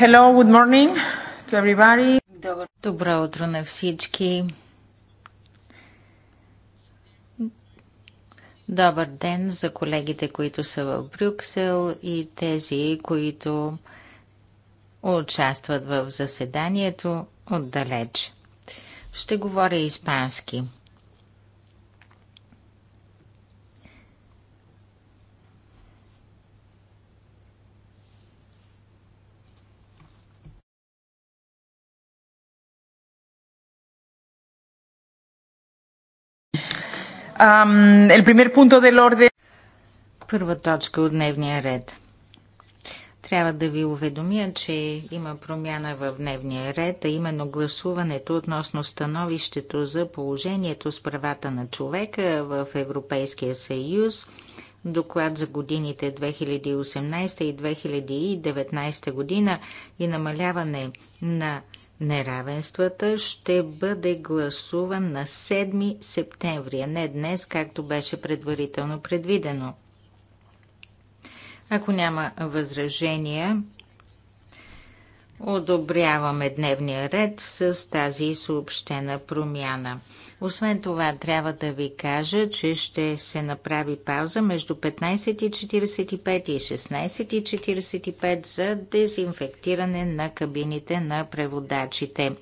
Hello, good morning to everybody. Добро, утро на всички. Добър ден за колегите, които са в Брюксел и тези, които участват в заседанието отдалеч. Ще говоря испански – el primer punto del orden... Първа точка от дневния ред. Трябва да ви уведомя, че има промяна в дневния ред, а именно гласуването относно становището за положението с правата на човека в Европейския съюз, доклад за годините 2018 и 2019 година и намаляване на неравенствата ще бъде гласуван на 7 септември, а не днес, както беше предварително предвидено. Ако няма възражения, одобряваме дневния ред с тази съобщена промяна. Освен това, трябва да ви кажа, че ще се направи пауза между 15.45 и 16.45 за дезинфектиране на кабините на преводачите.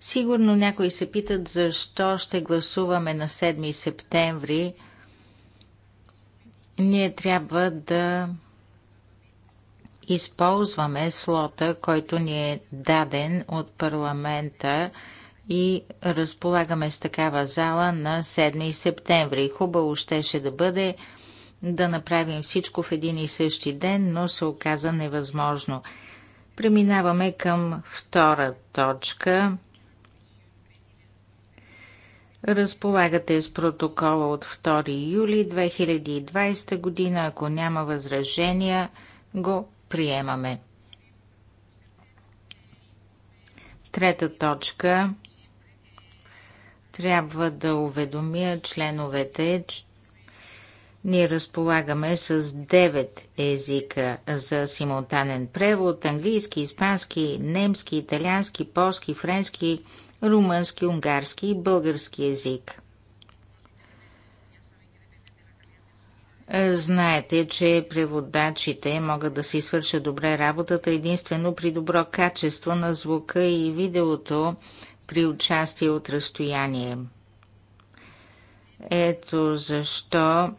Сигурно някои се питат защо ще гласуваме на 7 септември. Ние трябва да използваме слота, който ни е даден от парламента – и разполагаме с такава зала на 7 септември. Хубаво щеше да бъде да направим всичко в един и същи ден, но се оказа невъзможно. Преминаваме към втора точка. Разполагате с протокола от 2 юли 2020 година. Ако няма възражения, го приемаме. Трета точка – трябва да уведомя членовете, че ние разполагаме с 9 езика за симултанен превод английски, испански, немски, италиански, полски, френски, румънски, унгарски и български език. Знаете, че преводачите могат да си свършат добре работата единствено при добро качество на звука и видеото при участие от разстояние. Ето защо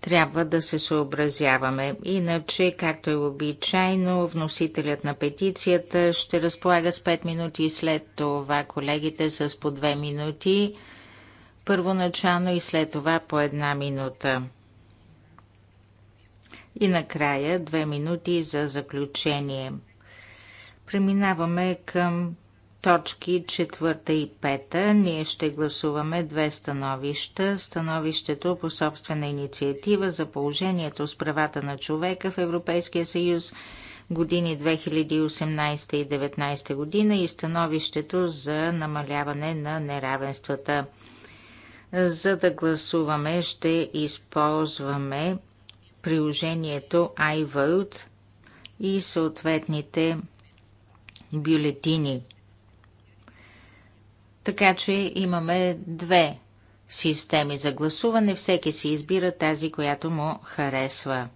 трябва да се съобразяваме. Иначе, както е обичайно, вносителят на петицията ще разполага с 5 минути, след това колегите с по 2 минути, първоначално и след това по една минута. И накрая 2 минути за заключение. Преминаваме към точки 4 и 5. Ние ще гласуваме две становища. Становището по собствена инициатива за положението с правата на човека в Европейския съюз години 2018 и 2019 година и становището за намаляване на неравенствата. За да гласуваме, ще използваме приложението iVote и съответните бюлетини. Така че имаме две системи за гласуване. Всеки си избира тази, която му харесва.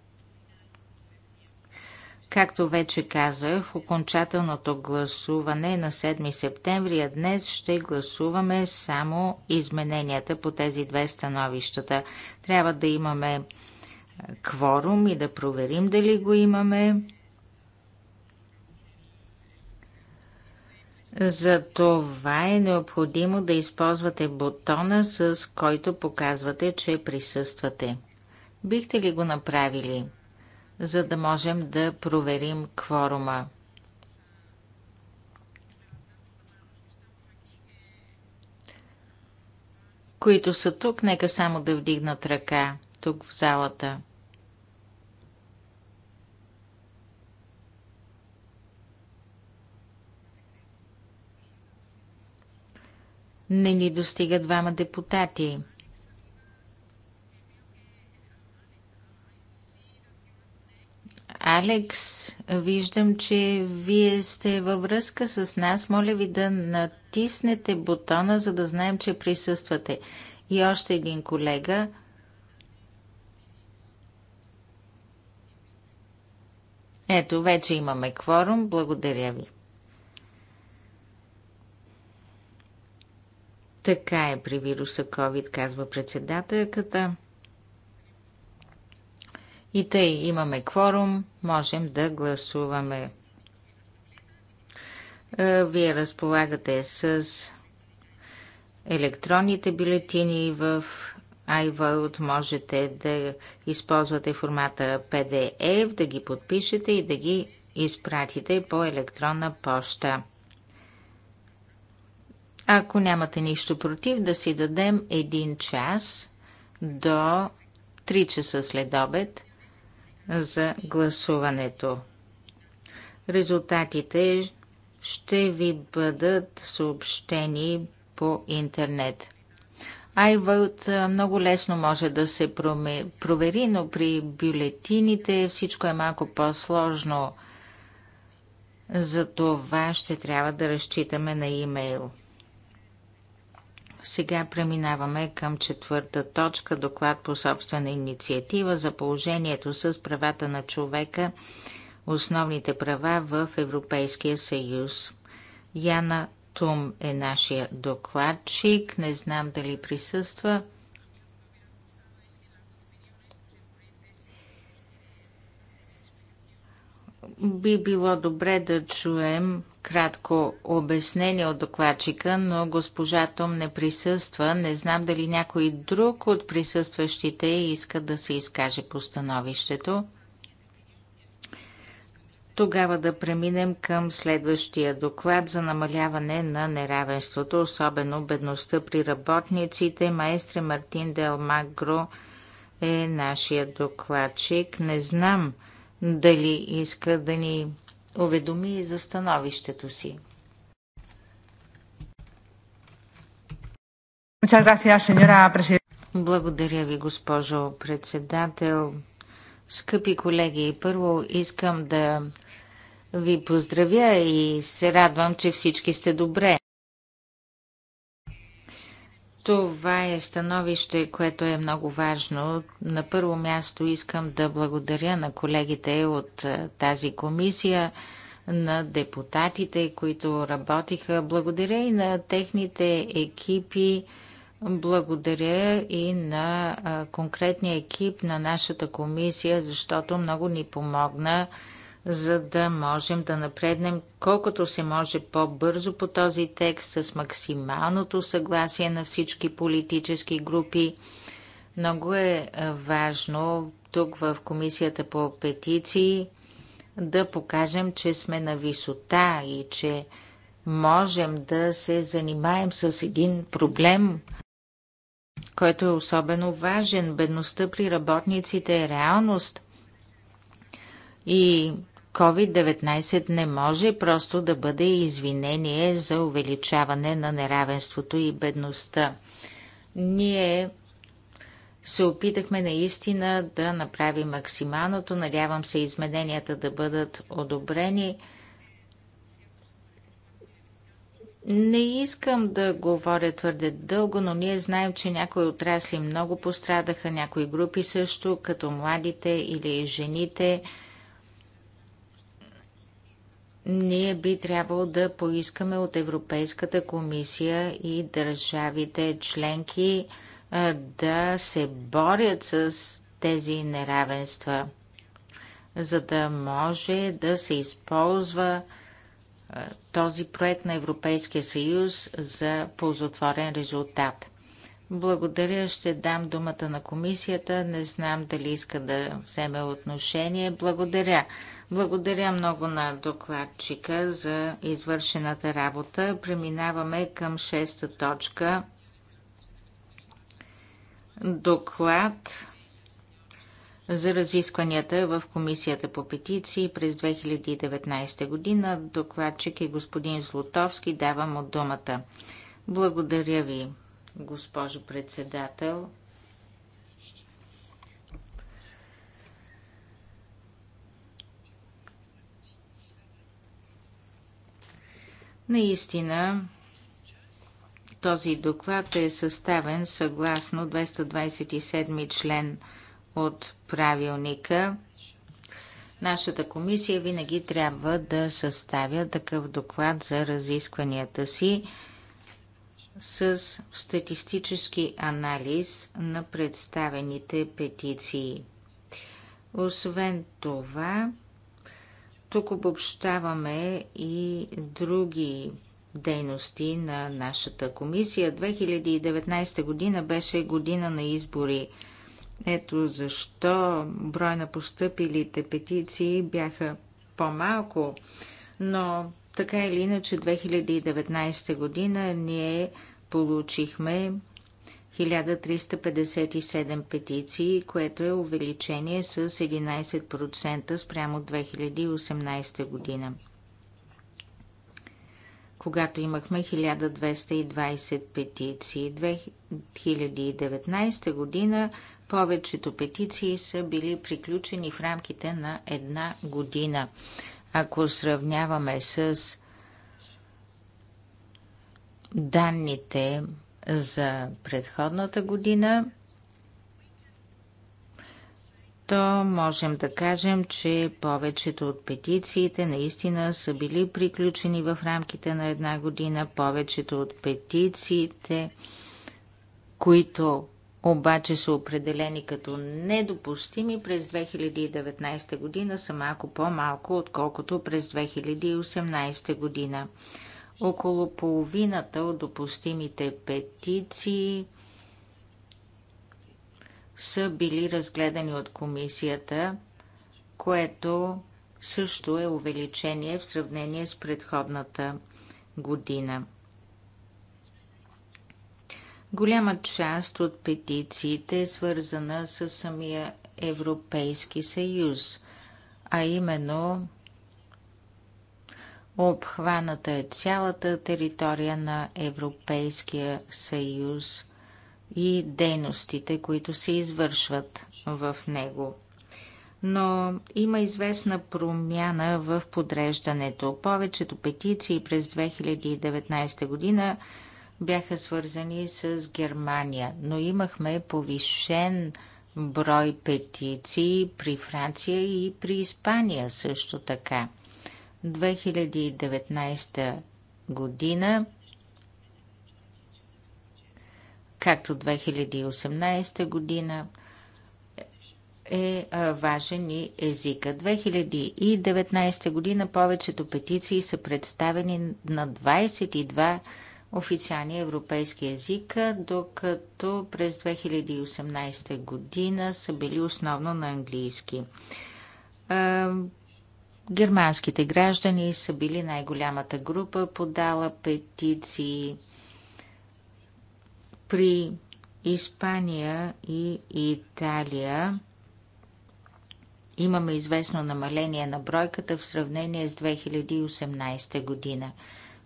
Както вече казах, окончателното гласуване е на 7 септември, а днес ще гласуваме само измененията по тези две становищата. Трябва да имаме кворум и да проверим дали го имаме. За това е необходимо да използвате бутона, с който показвате, че присъствате. Бихте ли го направили, за да можем да проверим кворума? Които са тук, нека само да вдигнат ръка тук в залата. не ни достига двама депутати. Алекс, виждам, че вие сте във връзка с нас. Моля ви да натиснете бутона, за да знаем, че присъствате. И още един колега. Ето, вече имаме кворум. Благодаря ви. Така е при вируса COVID, казва председателката. И тъй имаме кворум, можем да гласуваме. Е, вие разполагате с електронните бюлетини в iVote. Можете да използвате формата PDF, да ги подпишете и да ги изпратите по електронна поща. Ако нямате нищо против, да си дадем един час до 3 часа след обед за гласуването. Резултатите ще ви бъдат съобщени по интернет. Айвълт много лесно може да се провери, но при бюлетините всичко е малко по-сложно. За това ще трябва да разчитаме на имейл. Сега преминаваме към четвърта точка доклад по собствена инициатива за положението с правата на човека, основните права в Европейския съюз. Яна Тум е нашия докладчик. Не знам дали присъства. Би било добре да чуем кратко обяснение от докладчика, но госпожа Том не присъства. Не знам дали някой друг от присъстващите иска да се изкаже по становището. Тогава да преминем към следващия доклад за намаляване на неравенството, особено бедността при работниците. Маестре Мартин Дел Магро е нашия докладчик. Не знам дали иска да ни уведоми и за становището си. Благодаря ви, госпожо председател. Скъпи колеги, първо искам да ви поздравя и се радвам, че всички сте добре. Това е становище, което е много важно. На първо място искам да благодаря на колегите от тази комисия, на депутатите, които работиха. Благодаря и на техните екипи. Благодаря и на конкретния екип на нашата комисия, защото много ни помогна за да можем да напреднем колкото се може по-бързо по този текст с максималното съгласие на всички политически групи. Много е, е важно тук в Комисията по петиции да покажем, че сме на висота и че можем да се занимаем с един проблем, който е особено важен. Бедността при работниците е реалност. И COVID-19 не може просто да бъде извинение за увеличаване на неравенството и бедността. Ние се опитахме наистина да направим максималното. Надявам се измененията да бъдат одобрени. Не искам да говоря твърде дълго, но ние знаем, че някои отрасли много пострадаха, някои групи също, като младите или жените – ние би трябвало да поискаме от Европейската комисия и държавите членки да се борят с тези неравенства, за да може да се използва този проект на Европейския съюз за ползотворен резултат. Благодаря, ще дам думата на комисията. Не знам дали иска да вземе отношение. Благодаря. Благодаря много на докладчика за извършената работа. Преминаваме към шеста точка. Доклад за разискванията в Комисията по петиции през 2019 година. Докладчик е господин Злотовски. Давам от думата. Благодаря ви, госпожо председател. Наистина, този доклад е съставен съгласно 227 член от правилника. Нашата комисия винаги трябва да съставя такъв доклад за разискванията си с статистически анализ на представените петиции. Освен това, тук обобщаваме и други дейности на нашата комисия. 2019 година беше година на избори. Ето защо брой на поступилите петиции бяха по-малко, но така или иначе 2019 година ние получихме 1357 петиции, което е увеличение с 11% спрямо 2018 година когато имахме 1220 петиции. 2019 година повечето петиции са били приключени в рамките на една година. Ако сравняваме с данните за предходната година, то можем да кажем, че повечето от петициите наистина са били приключени в рамките на една година. Повечето от петициите, които обаче са определени като недопустими през 2019 година, са малко по-малко, отколкото през 2018 година. Около половината от допустимите петиции са били разгледани от комисията, което също е увеличение в сравнение с предходната година. Голяма част от петициите е свързана с самия Европейски съюз, а именно Обхваната е цялата територия на Европейския съюз и дейностите, които се извършват в него. Но има известна промяна в подреждането. Повечето петиции през 2019 година бяха свързани с Германия, но имахме повишен брой петиции при Франция и при Испания също така. 2019 година, както 2018 година, е важен и езика. 2019 година повечето петиции са представени на 22 официални европейски езика, докато през 2018 година са били основно на английски. Германските граждани са били най-голямата група, подала петиции при Испания и Италия. Имаме известно намаление на бройката в сравнение с 2018 година.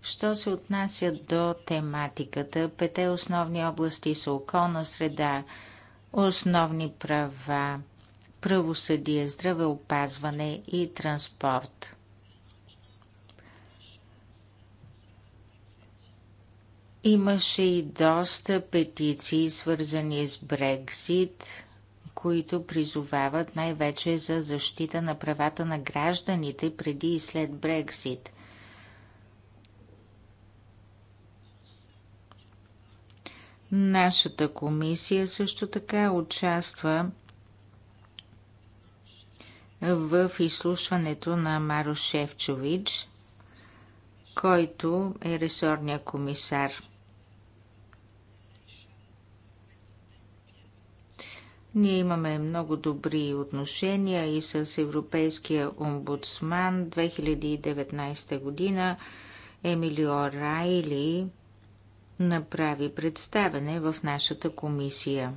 Що се отнася до тематиката, пете основни области са околна среда, основни права, правосъдие, здравеопазване и транспорт. Имаше и доста петиции, свързани с Брексит, които призовават най-вече за защита на правата на гражданите преди и след Брексит. Нашата комисия също така участва в изслушването на Маро Шевчович, който е ресорния комисар. Ние имаме много добри отношения и с Европейския омбудсман 2019 година Емилио Райли направи представене в нашата комисия.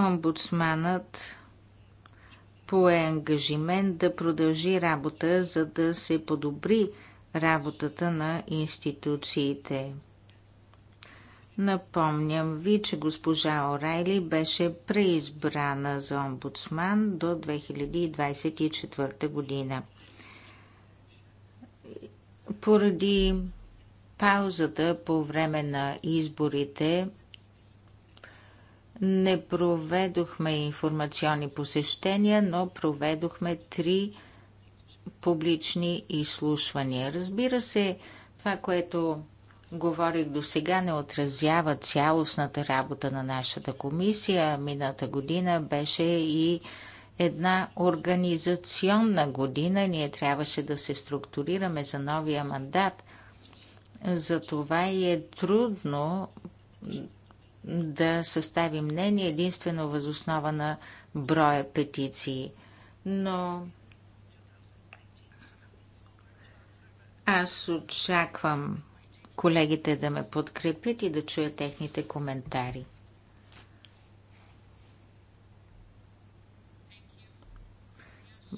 Омбудсманът пое ангажимент да продължи работа, за да се подобри работата на институциите. Напомням ви, че госпожа Орайли беше преизбрана за омбудсман до 2024 година. Поради паузата по време на изборите не проведохме информационни посещения, но проведохме три публични изслушвания. Разбира се, това, което говорих до сега, не отразява цялостната работа на нашата комисия. Мината година беше и една организационна година. Ние трябваше да се структурираме за новия мандат. Затова и е трудно да състави мнение единствено възоснова на броя петиции. Но аз очаквам колегите да ме подкрепят и да чуя техните коментари.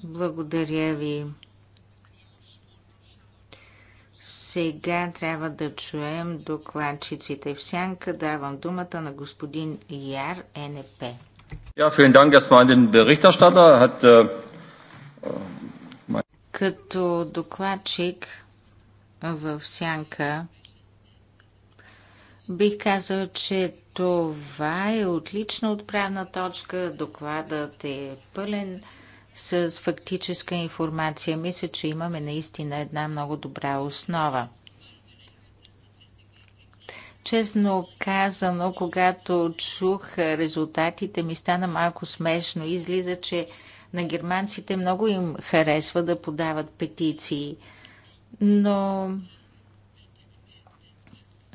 Благодаря ви. Сега трябва да чуем докладчиците в сянка. Давам думата на господин Яр НП. Е. Ja, vielen Dank erstmal an den Berichterstatter. Hat, äh, mein... Като докладчик в сянка бих казал, че това е отлична отправна точка. Докладът е пълен с фактическа информация. Мисля, че имаме наистина една много добра основа. Честно казано, когато чух резултатите, ми стана малко смешно. Излиза, че на германците много им харесва да подават петиции. Но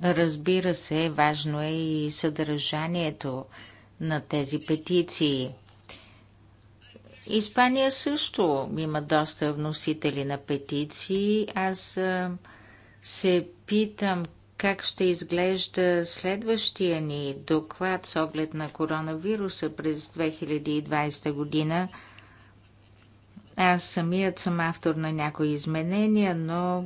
разбира се, важно е и съдържанието на тези петиции – Испания също има доста вносители на петиции. Аз се питам как ще изглежда следващия ни доклад с оглед на коронавируса през 2020 година. Аз самият съм автор на някои изменения, но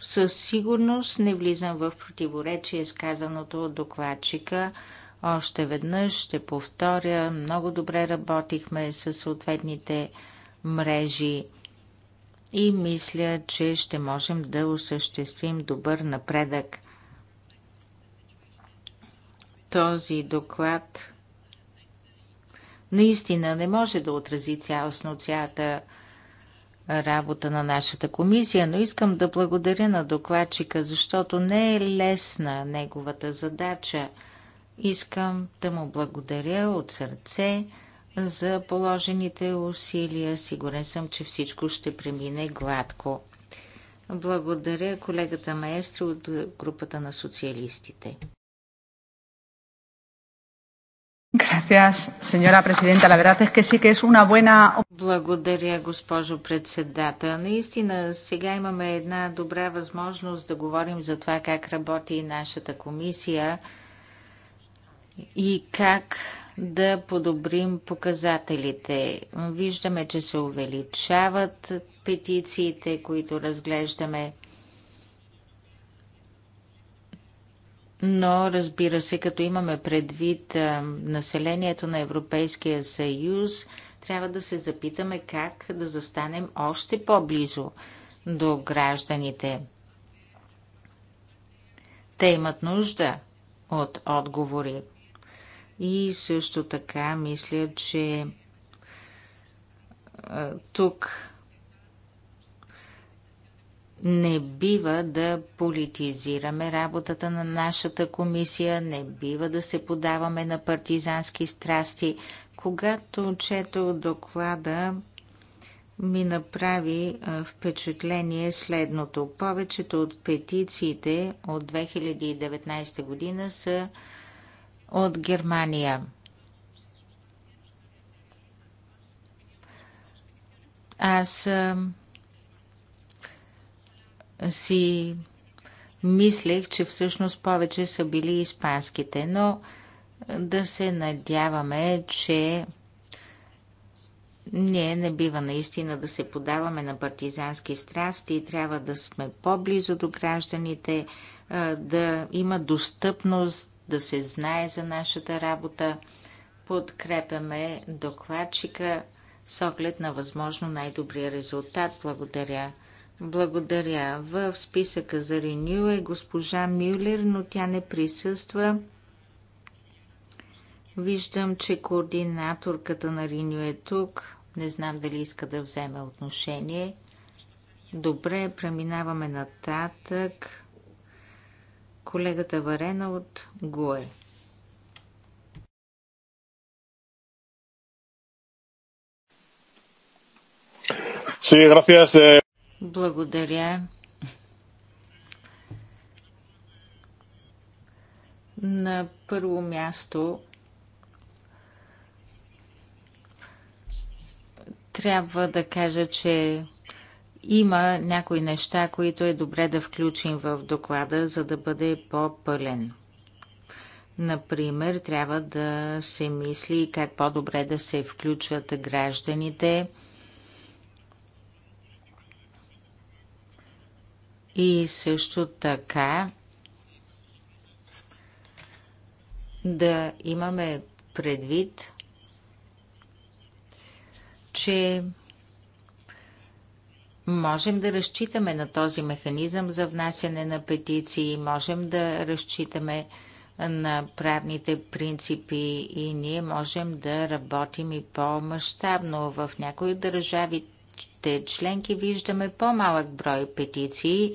със сигурност не влизам в противоречие с казаното от докладчика – още веднъж ще повторя, много добре работихме с съответните мрежи и мисля, че ще можем да осъществим добър напредък. Този доклад наистина не може да отрази цялостно цялата работа на нашата комисия, но искам да благодаря на докладчика, защото не е лесна неговата задача – Искам да му благодаря от сърце за положените усилия. Сигурен съм, че всичко ще премине гладко. Благодаря колегата маестро от групата на социалистите. Gracias, señora presidenta. La verdad es que sí que es una buena... Благодаря, госпожо председател. Наистина, сега имаме една добра възможност да говорим за това как работи нашата комисия – и как да подобрим показателите. Виждаме, че се увеличават петициите, които разглеждаме. Но, разбира се, като имаме предвид населението на Европейския съюз, трябва да се запитаме как да застанем още по-близо до гражданите. Те имат нужда от отговори. И също така мисля, че тук не бива да политизираме работата на нашата комисия, не бива да се подаваме на партизански страсти. Когато чето доклада, ми направи впечатление следното. Повечето от петициите от 2019 година са от Германия. Аз си мислех, че всъщност повече са били испанските, но да се надяваме, че ние не бива наистина да се подаваме на партизански страсти, и трябва да сме по-близо до гражданите, да има достъпност да се знае за нашата работа. Подкрепяме докладчика с оглед на възможно най-добрия резултат. Благодаря. Благодаря. В списъка за Реню е госпожа Мюлер, но тя не присъства. Виждам, че координаторката на Риню е тук. Не знам дали иска да вземе отношение. Добре, преминаваме нататък. Колегата Варена от ГУЕ. Eh. Благодаря. На първо място трябва да кажа, че има някои неща, които е добре да включим в доклада, за да бъде по-пълен. Например, трябва да се мисли как по-добре да се включват гражданите и също така да имаме предвид, че Можем да разчитаме на този механизъм за внасяне на петиции, можем да разчитаме на правните принципи и ние можем да работим и по-масштабно. В някои държавите членки виждаме по-малък брой петиции.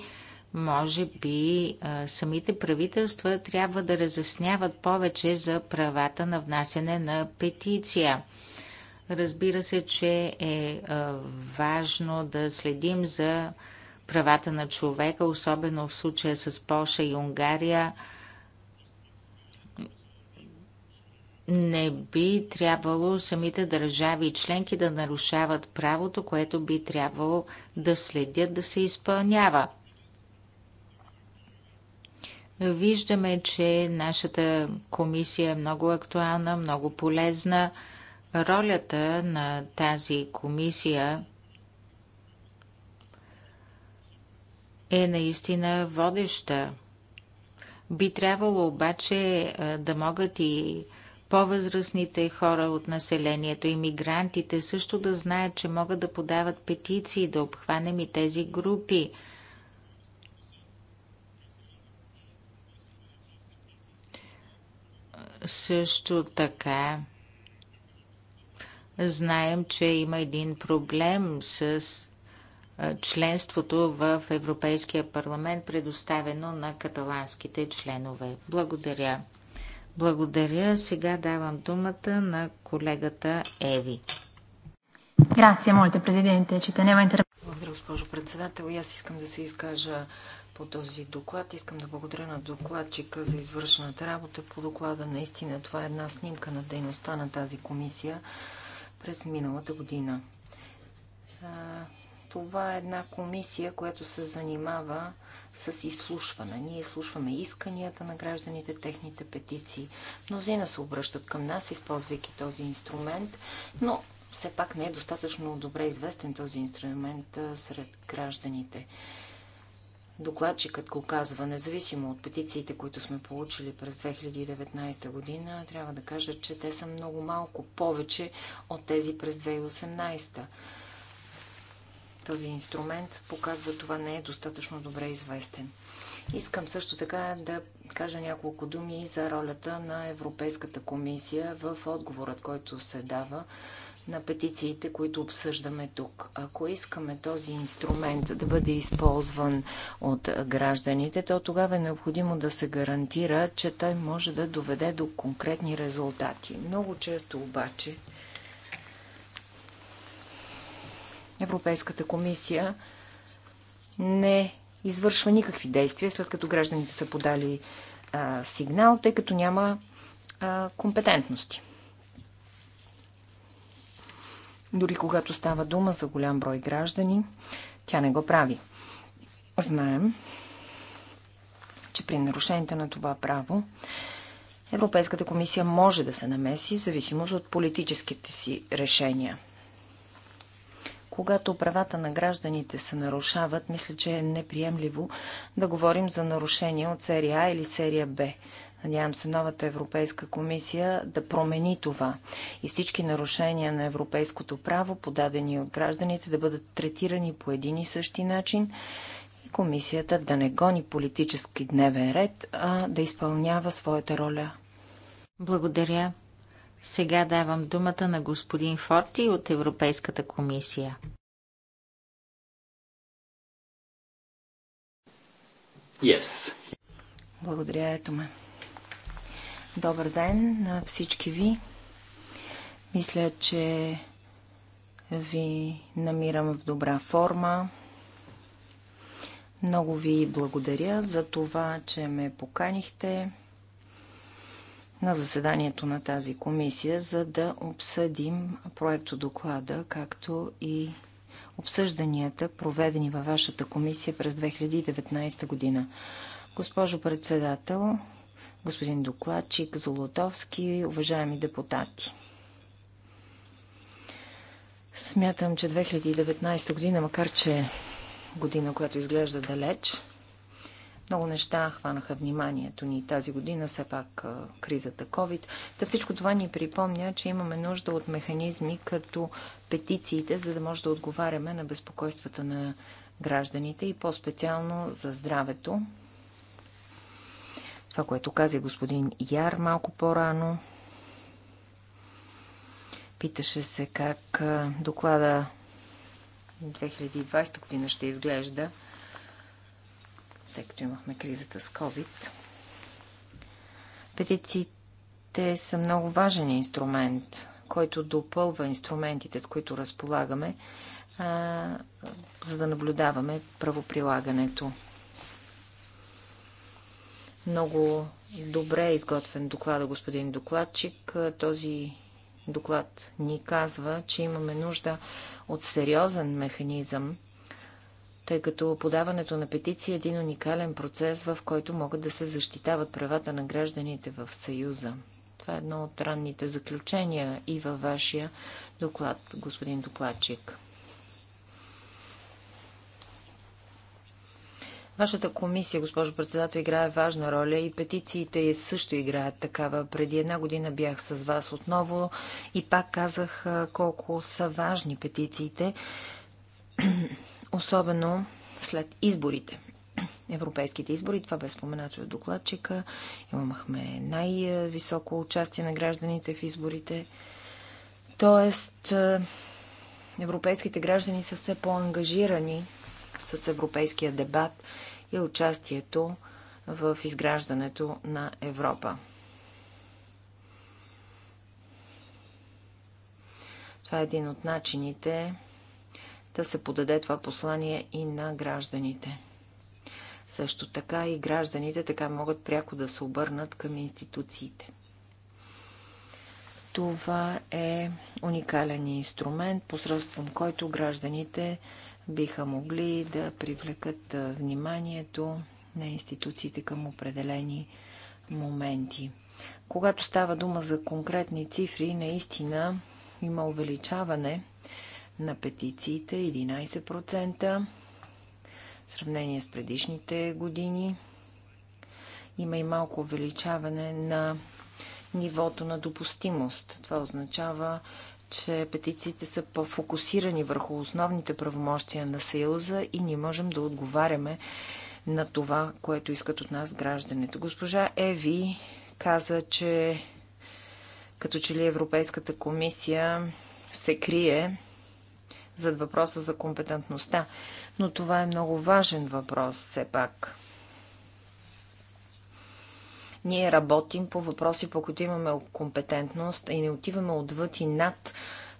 Може би самите правителства трябва да разясняват повече за правата на внасяне на петиция – Разбира се, че е важно да следим за правата на човека, особено в случая с Польша и Унгария. Не би трябвало самите държави и членки да нарушават правото, което би трябвало да следят да се изпълнява. Виждаме, че нашата комисия е много актуална, много полезна. Ролята на тази комисия е наистина водеща. Би трябвало обаче да могат и по-възрастните хора от населението, иммигрантите също да знаят, че могат да подават петиции, да обхванем и тези групи. Също така Знаем, че има един проблем с членството в Европейския парламент, предоставено на каталанските членове. Благодаря. Благодаря. Сега давам думата на колегата Еви. Грация, моите президенте, че те няма интерес. Благодаря, госпожо председател. И аз искам да се изкажа по този доклад. Искам да благодаря на докладчика за извършената работа по доклада. Наистина това е една снимка на дейността на тази комисия през миналата година. Това е една комисия, която се занимава с изслушване. Ние изслушваме исканията на гражданите, техните петиции. Мнозина се обръщат към нас, използвайки този инструмент, но все пак не е достатъчно добре известен този инструмент сред гражданите докладчикът го казва, независимо от петициите, които сме получили през 2019 година, трябва да кажа, че те са много малко повече от тези през 2018. Този инструмент показва това не е достатъчно добре известен. Искам също така да кажа няколко думи за ролята на Европейската комисия в отговорът, който се дава на петициите, които обсъждаме тук. Ако искаме този инструмент да бъде използван от гражданите, то тогава е необходимо да се гарантира, че той може да доведе до конкретни резултати. Много често обаче Европейската комисия не извършва никакви действия, след като гражданите са подали а, сигнал, тъй като няма а, компетентности. Дори когато става дума за голям брой граждани, тя не го прави. Знаем, че при нарушените на това право Европейската комисия може да се намеси в зависимост от политическите си решения. Когато правата на гражданите се нарушават, мисля, че е неприемливо да говорим за нарушения от серия А или серия Б. Надявам се новата Европейска комисия да промени това и всички нарушения на европейското право, подадени от гражданите, да бъдат третирани по един и същи начин и комисията да не гони политически дневен ред, а да изпълнява своята роля. Благодаря. Сега давам думата на господин Форти от Европейската комисия. Yes. Благодаря, ето ме. Добър ден на всички ви. Мисля, че ви намирам в добра форма. Много ви благодаря за това, че ме поканихте на заседанието на тази комисия, за да обсъдим проекто доклада, както и обсъжданията, проведени във вашата комисия през 2019 година. Госпожо председател, господин докладчик Золотовски, уважаеми депутати. Смятам, че 2019 година, макар че година, която изглежда далеч, много неща хванаха вниманието ни тази година, все пак кризата COVID. Та всичко това ни припомня, че имаме нужда от механизми като петициите, за да може да отговаряме на безпокойствата на гражданите и по-специално за здравето това, което каза господин Яр малко по-рано, питаше се как доклада 2020 година ще изглежда, тъй като имахме кризата с COVID. Петициите са много важен инструмент, който допълва инструментите, с които разполагаме, а, за да наблюдаваме правоприлагането. Много добре е изготвен доклада, господин докладчик. Този доклад ни казва, че имаме нужда от сериозен механизъм, тъй като подаването на петиции е един уникален процес, в който могат да се защитават правата на гражданите в Съюза. Това е едно от ранните заключения и във вашия доклад, господин докладчик. Вашата комисия, госпожо председател, играе важна роля и петициите също играят такава. Преди една година бях с вас отново и пак казах колко са важни петициите, особено след изборите европейските избори. Това бе споменато и от докладчика. Имахме най-високо участие на гражданите в изборите. Тоест, европейските граждани са все по-ангажирани с европейския дебат и е участието в изграждането на Европа. Това е един от начините да се подаде това послание и на гражданите. Също така и гражданите така могат пряко да се обърнат към институциите. Това е уникален инструмент, посредством който гражданите биха могли да привлекат вниманието на институциите към определени моменти. Когато става дума за конкретни цифри, наистина има увеличаване на петициите 11% в сравнение с предишните години. Има и малко увеличаване на нивото на допустимост. Това означава, че петициите са по-фокусирани върху основните правомощия на Съюза и ние можем да отговаряме на това, което искат от нас гражданите. Госпожа Еви каза, че като че ли Европейската комисия се крие зад въпроса за компетентността. Но това е много важен въпрос все пак – ние работим по въпроси, по които имаме компетентност и не отиваме отвъд и над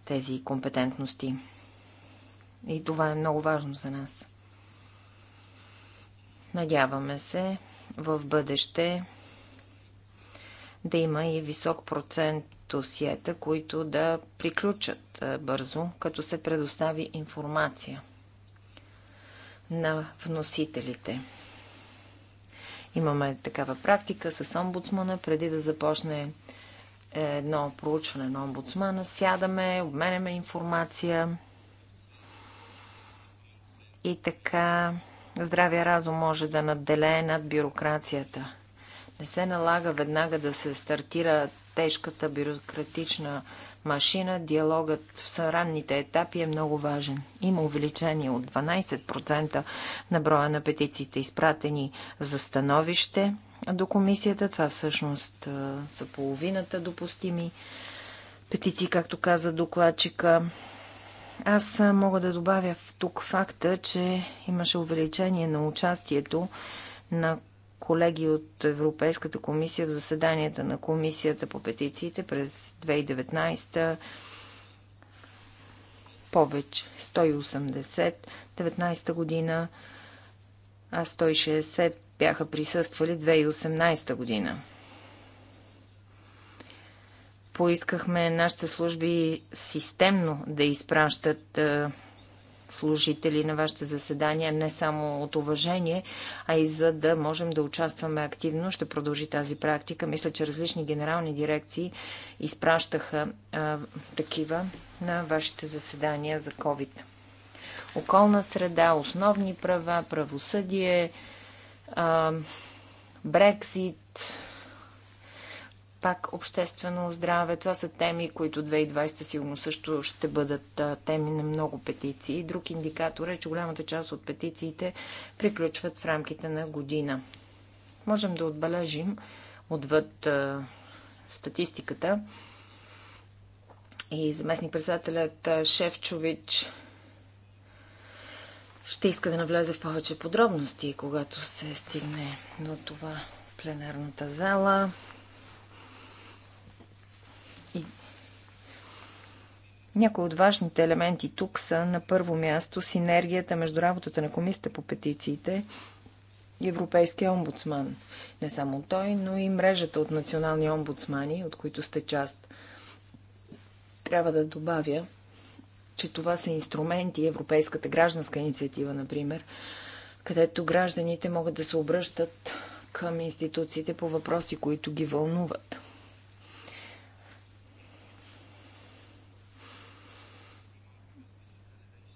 тези компетентности. И това е много важно за нас. Надяваме се в бъдеще да има и висок процент досиета, които да приключат бързо, като се предостави информация на вносителите. Имаме такава практика с омбудсмана. Преди да започне е, едно проучване на омбудсмана, сядаме, обменяме информация и така здравия разум може да надделее над бюрокрацията. Не се налага веднага да се стартира тежката бюрократична машина, диалогът в ранните етапи е много важен. Има увеличение от 12% на броя на петициите, изпратени за становище до комисията. Това всъщност са половината допустими петиции, както каза докладчика. Аз мога да добавя тук факта, че имаше увеличение на участието на колеги от Европейската комисия в заседанията на комисията по петициите през 2019 повече 180 19 година, а 160 бяха присъствали 2018 година. Поискахме нашите служби системно да изпращат е, служители на вашите заседания, не само от уважение, а и за да можем да участваме активно. Ще продължи тази практика. Мисля, че различни генерални дирекции изпращаха а, такива на вашите заседания за COVID. Околна среда, основни права, правосъдие, а, Брексит, пак обществено здраве. Това са теми, които 2020 сигурно също ще бъдат теми на много петиции. Друг индикатор е, че голямата част от петициите приключват в рамките на година. Можем да отбележим отвъд статистиката и заместник-председателят Шефчович ще иска да навлезе в повече подробности, когато се стигне до това пленарната зала. Някои от важните елементи тук са на първо място синергията между работата на комисията по петициите и Европейския омбудсман. Не само той, но и мрежата от национални омбудсмани, от които сте част. Трябва да добавя, че това са инструменти, Европейската гражданска инициатива, например, където гражданите могат да се обръщат към институциите по въпроси, които ги вълнуват.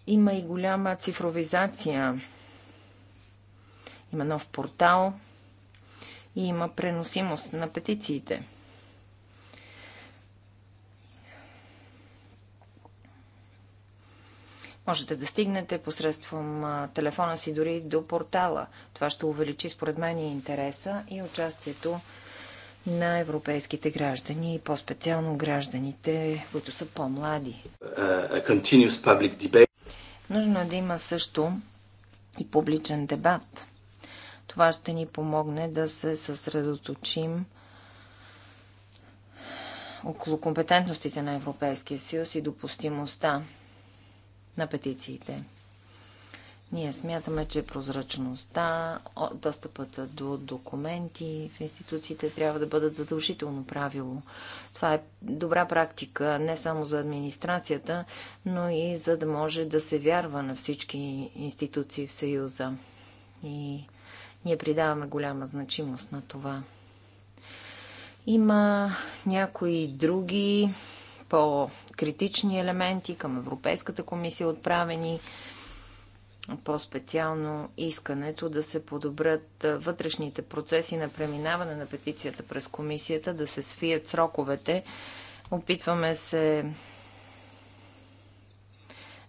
Има и голяма цифровизация. Има нов портал и има преносимост на петициите. Можете да стигнете посредством телефона си дори до портала. Това ще увеличи според мен и интереса и участието на европейските граждани и по-специално гражданите, които са по-млади. Нужно е да има също и публичен дебат. Това ще ни помогне да се съсредоточим около компетентностите на Европейския съюз и допустимостта на петициите. Ние смятаме, че прозрачността, достъпът до документи в институциите трябва да бъдат задължително правило. Това е добра практика не само за администрацията, но и за да може да се вярва на всички институции в Съюза. И ние придаваме голяма значимост на това. Има някои други по-критични елементи към Европейската комисия отправени по-специално искането да се подобрят вътрешните процеси на преминаване на петицията през комисията, да се свият сроковете. Опитваме се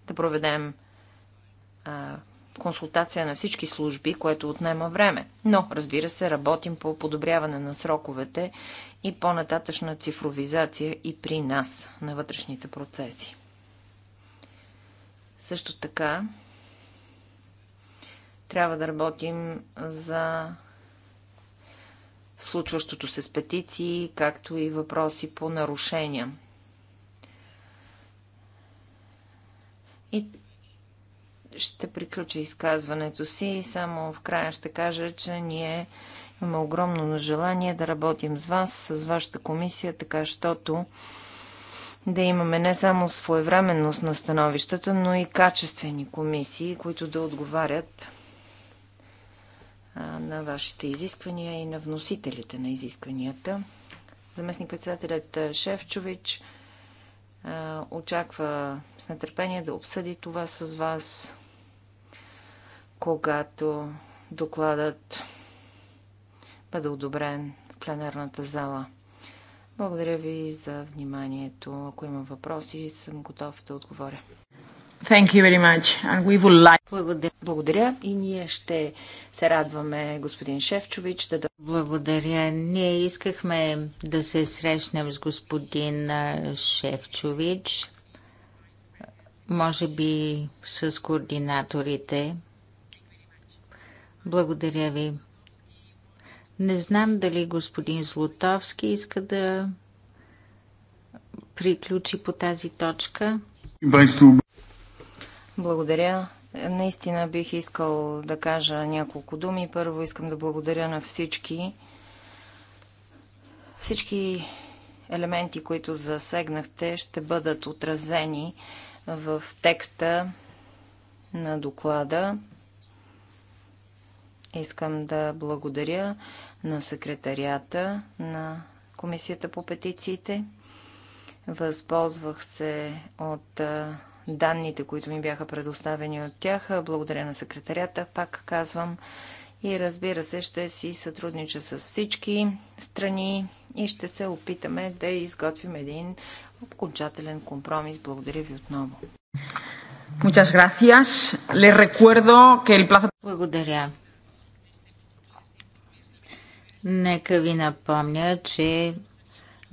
да проведем а, консултация на всички служби, което отнема време. Но, разбира се, работим по подобряване на сроковете и по-нататъчна цифровизация и при нас на вътрешните процеси. Също така, трябва да работим за случващото се с петиции, както и въпроси по нарушения. И ще приключа изказването си и само в края ще кажа, че ние имаме огромно желание да работим с вас, с вашата комисия, така щото да имаме не само своевременност на становищата, но и качествени комисии, които да отговарят на вашите изисквания и на вносителите на изискванията. Заместник-председателят Шефчович очаква с нетърпение да обсъди това с вас, когато докладът бъде одобрен в пленарната зала. Благодаря ви за вниманието. Ако има въпроси, съм готов да отговоря. Thank you very much. And we will like... Благодаря. Благодаря и ние ще се радваме господин Шефчович да... Благодаря. Ние искахме да се срещнем с господин Шефчович, може би с координаторите. Благодаря ви. Не знам дали господин Злотовски иска да приключи по тази точка. Państwu благодаря. Наистина бих искал да кажа няколко думи. Първо искам да благодаря на всички. Всички елементи, които засегнахте, ще бъдат отразени в текста на доклада. Искам да благодаря на секретарията на Комисията по петициите. Възползвах се от данните, които ми бяха предоставени от тях. Благодаря на секретарята, пак казвам. И разбира се, ще си сътруднича с всички страни и ще се опитаме да изготвим един окончателен компромис. Благодаря ви отново. Muchas gracias. recuerdo que el plazo... Благодаря. Нека ви напомня, че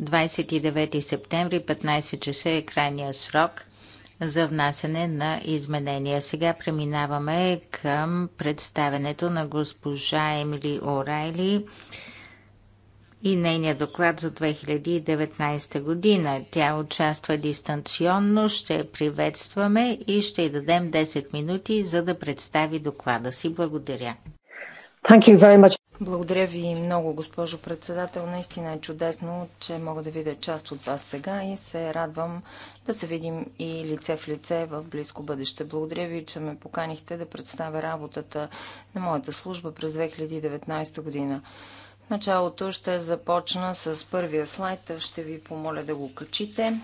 29 септември, 15 часа е крайния срок за внасене на изменения. Сега преминаваме към представенето на госпожа Емили Орайли и нейния доклад за 2019 година. Тя участва дистанционно, ще приветстваме и ще й дадем 10 минути, за да представи доклада си. Благодаря. Thank you very much. Благодаря ви много, госпожо председател. Наистина е чудесно, че мога да видя част от вас сега и се радвам да се видим и лице в лице в близко бъдеще. Благодаря ви, че ме поканихте да представя работата на моята служба през 2019 година. Началото ще започна с първия слайд. Ще ви помоля да го качите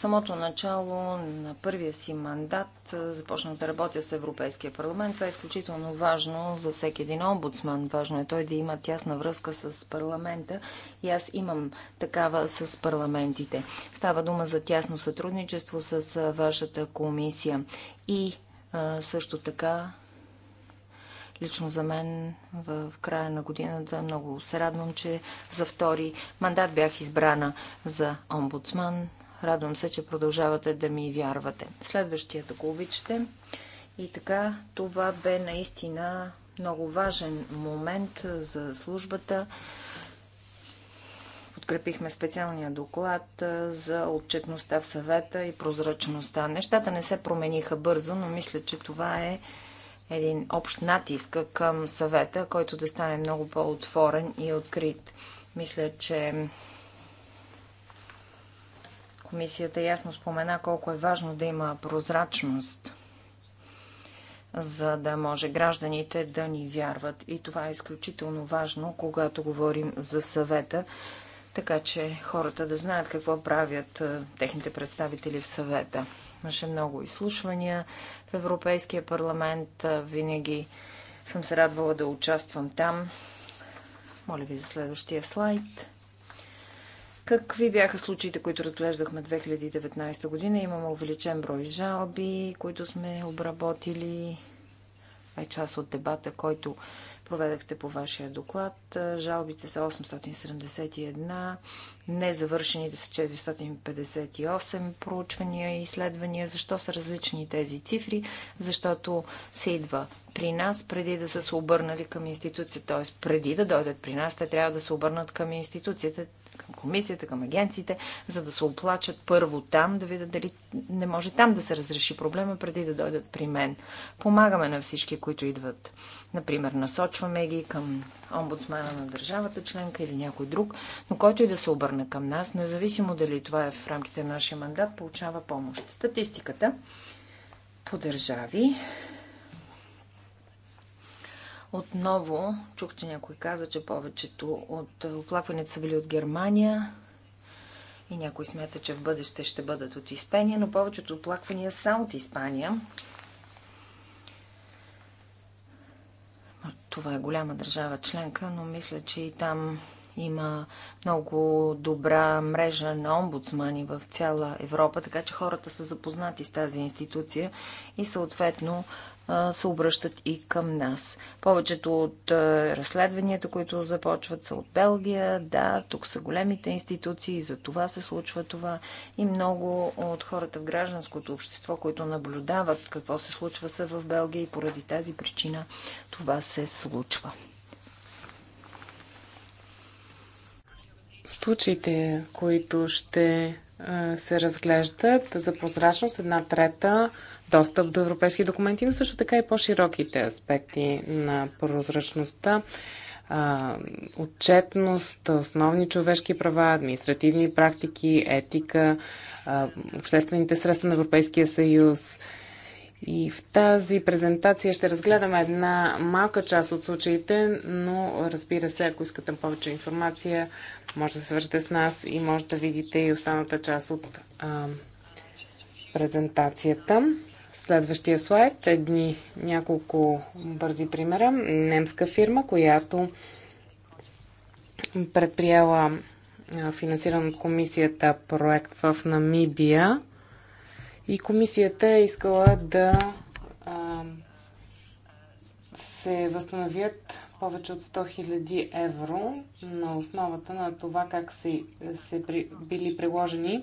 самото начало на първия си мандат започнах да работя с Европейския парламент. Това е изключително важно за всеки един омбудсман. Важно е той да има тясна връзка с парламента и аз имам такава с парламентите. Става дума за тясно сътрудничество с вашата комисия и също така лично за мен в края на годината много се радвам, че за втори мандат бях избрана за омбудсман Радвам се, че продължавате да ми вярвате. Следващият, ако обичате. И така, това бе наистина много важен момент за службата. Подкрепихме специалния доклад за отчетността в съвета и прозрачността. Нещата не се промениха бързо, но мисля, че това е един общ натиск към съвета, който да стане много по-отворен и открит. Мисля, че Комисията ясно спомена колко е важно да има прозрачност, за да може гражданите да ни вярват. И това е изключително важно, когато говорим за съвета, така че хората да знаят какво правят е, техните представители в съвета. Имаше много изслушвания в Европейския парламент. Е, винаги съм се радвала да участвам там. Моля ви за следващия слайд. Какви бяха случаите, които разглеждахме 2019 година? Имаме увеличен брой жалби, които сме обработили. Е част от дебата, който проведахте по вашия доклад. Жалбите са 871, незавършените са 458 проучвания и изследвания. Защо са различни тези цифри? Защото се идва при нас преди да са се обърнали към институцията. Т.е. преди да дойдат при нас, те трябва да се обърнат към институцията към комисията, към агенциите, за да се оплачат първо там, да видят дали не може там да се разреши проблема, преди да дойдат при мен. Помагаме на всички, които идват. Например, насочваме ги към омбудсмана на държавата членка или някой друг, но който и да се обърне към нас, независимо дали това е в рамките на нашия мандат, получава помощ. Статистиката по държави отново чух, че някой каза, че повечето от оплакванията са били от Германия и някой смята, че в бъдеще ще бъдат от Испания, но повечето оплаквания са от Испания. Това е голяма държава членка, но мисля, че и там има много добра мрежа на омбудсмани в цяла Европа, така че хората са запознати с тази институция и съответно се обръщат и към нас. Повечето от разследванията, които започват, са от Белгия. Да, тук са големите институции, за това се случва това. И много от хората в гражданското общество, които наблюдават какво се случва, са в Белгия и поради тази причина това се случва. Случаите, които ще се разглеждат за прозрачност една трета достъп до европейски документи, но също така и по-широките аспекти на прозрачността, отчетност, основни човешки права, административни практики, етика, обществените средства на Европейския съюз. И в тази презентация ще разгледаме една малка част от случаите, но разбира се, ако искате повече информация, може да се свържете с нас и може да видите и останата част от а, презентацията. Следващия слайд едни няколко бързи примера. Немска фирма, която предприела финансиран от комисията проект в Намибия и комисията е искала да а, се възстановят повече от 100 000 евро на основата на това как са, се при, били приложени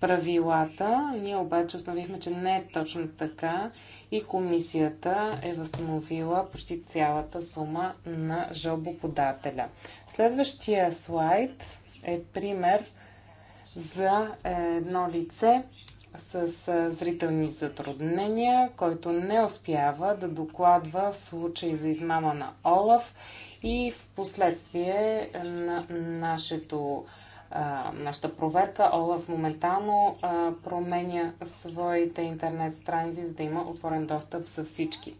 правилата. Ние обаче установихме, че не е точно така и комисията е възстановила почти цялата сума на жалбоподателя. Следващия слайд е пример за едно лице с зрителни затруднения, който не успява да докладва случай за измама на Олаф и в последствие на нашето нашата проверка, Олаф моментално а, променя своите интернет страници, за да има отворен достъп за всички.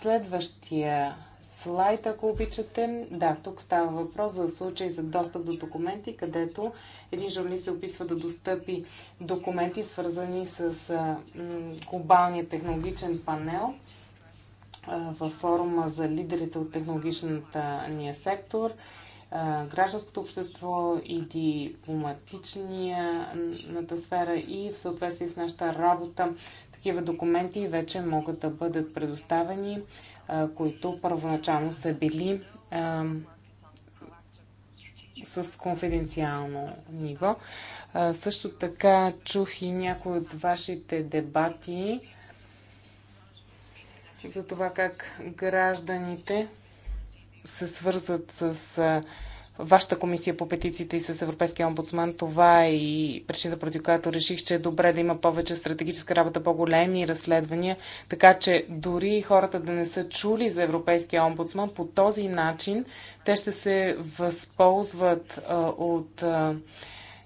Следващия слайд, ако обичате. Да, тук става въпрос за случай за достъп до документи, където един журналист се описва да достъпи документи, свързани с а, глобалния технологичен панел във форума за лидерите от технологичната ния сектор гражданското общество и дипломатичната сфера и в съответствие с нашата работа такива документи вече могат да бъдат предоставени, които първоначално са били с конфиденциално ниво. А, също така чух и някои от вашите дебати за това как гражданите се свързат с вашата комисия по петициите и с Европейския омбудсман. Това е и причината, поради която реших, че е добре да има повече стратегическа работа, по-големи разследвания, така че дори хората да не са чули за Европейския омбудсман, по този начин те ще се възползват а, от а,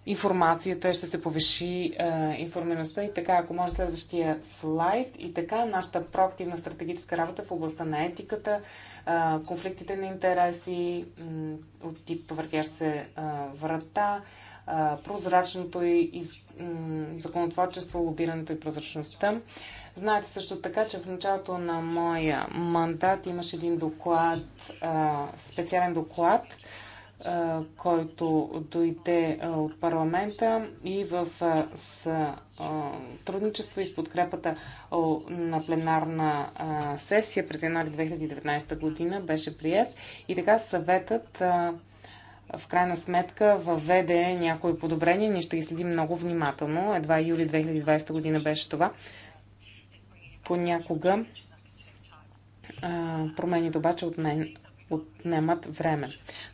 информацията, ще се повиши е, информираността и така, ако може следващия слайд и така, нашата проактивна стратегическа работа в областта на етиката, е, конфликтите на интереси от тип въртящ се е, врата, е, прозрачното и из, законотворчество, лобирането и прозрачността. Знаете също така, че в началото на моя мандат имаше един доклад, е, специален доклад който дойде от парламента и в сътрудничество и с подкрепата на пленарна сесия през януари 2019 година беше прият. И така съветът в крайна сметка въведе някои подобрения. Ние ще ги следим много внимателно. Едва юли 2020 година беше това. Понякога промените обаче от мен отнемат време.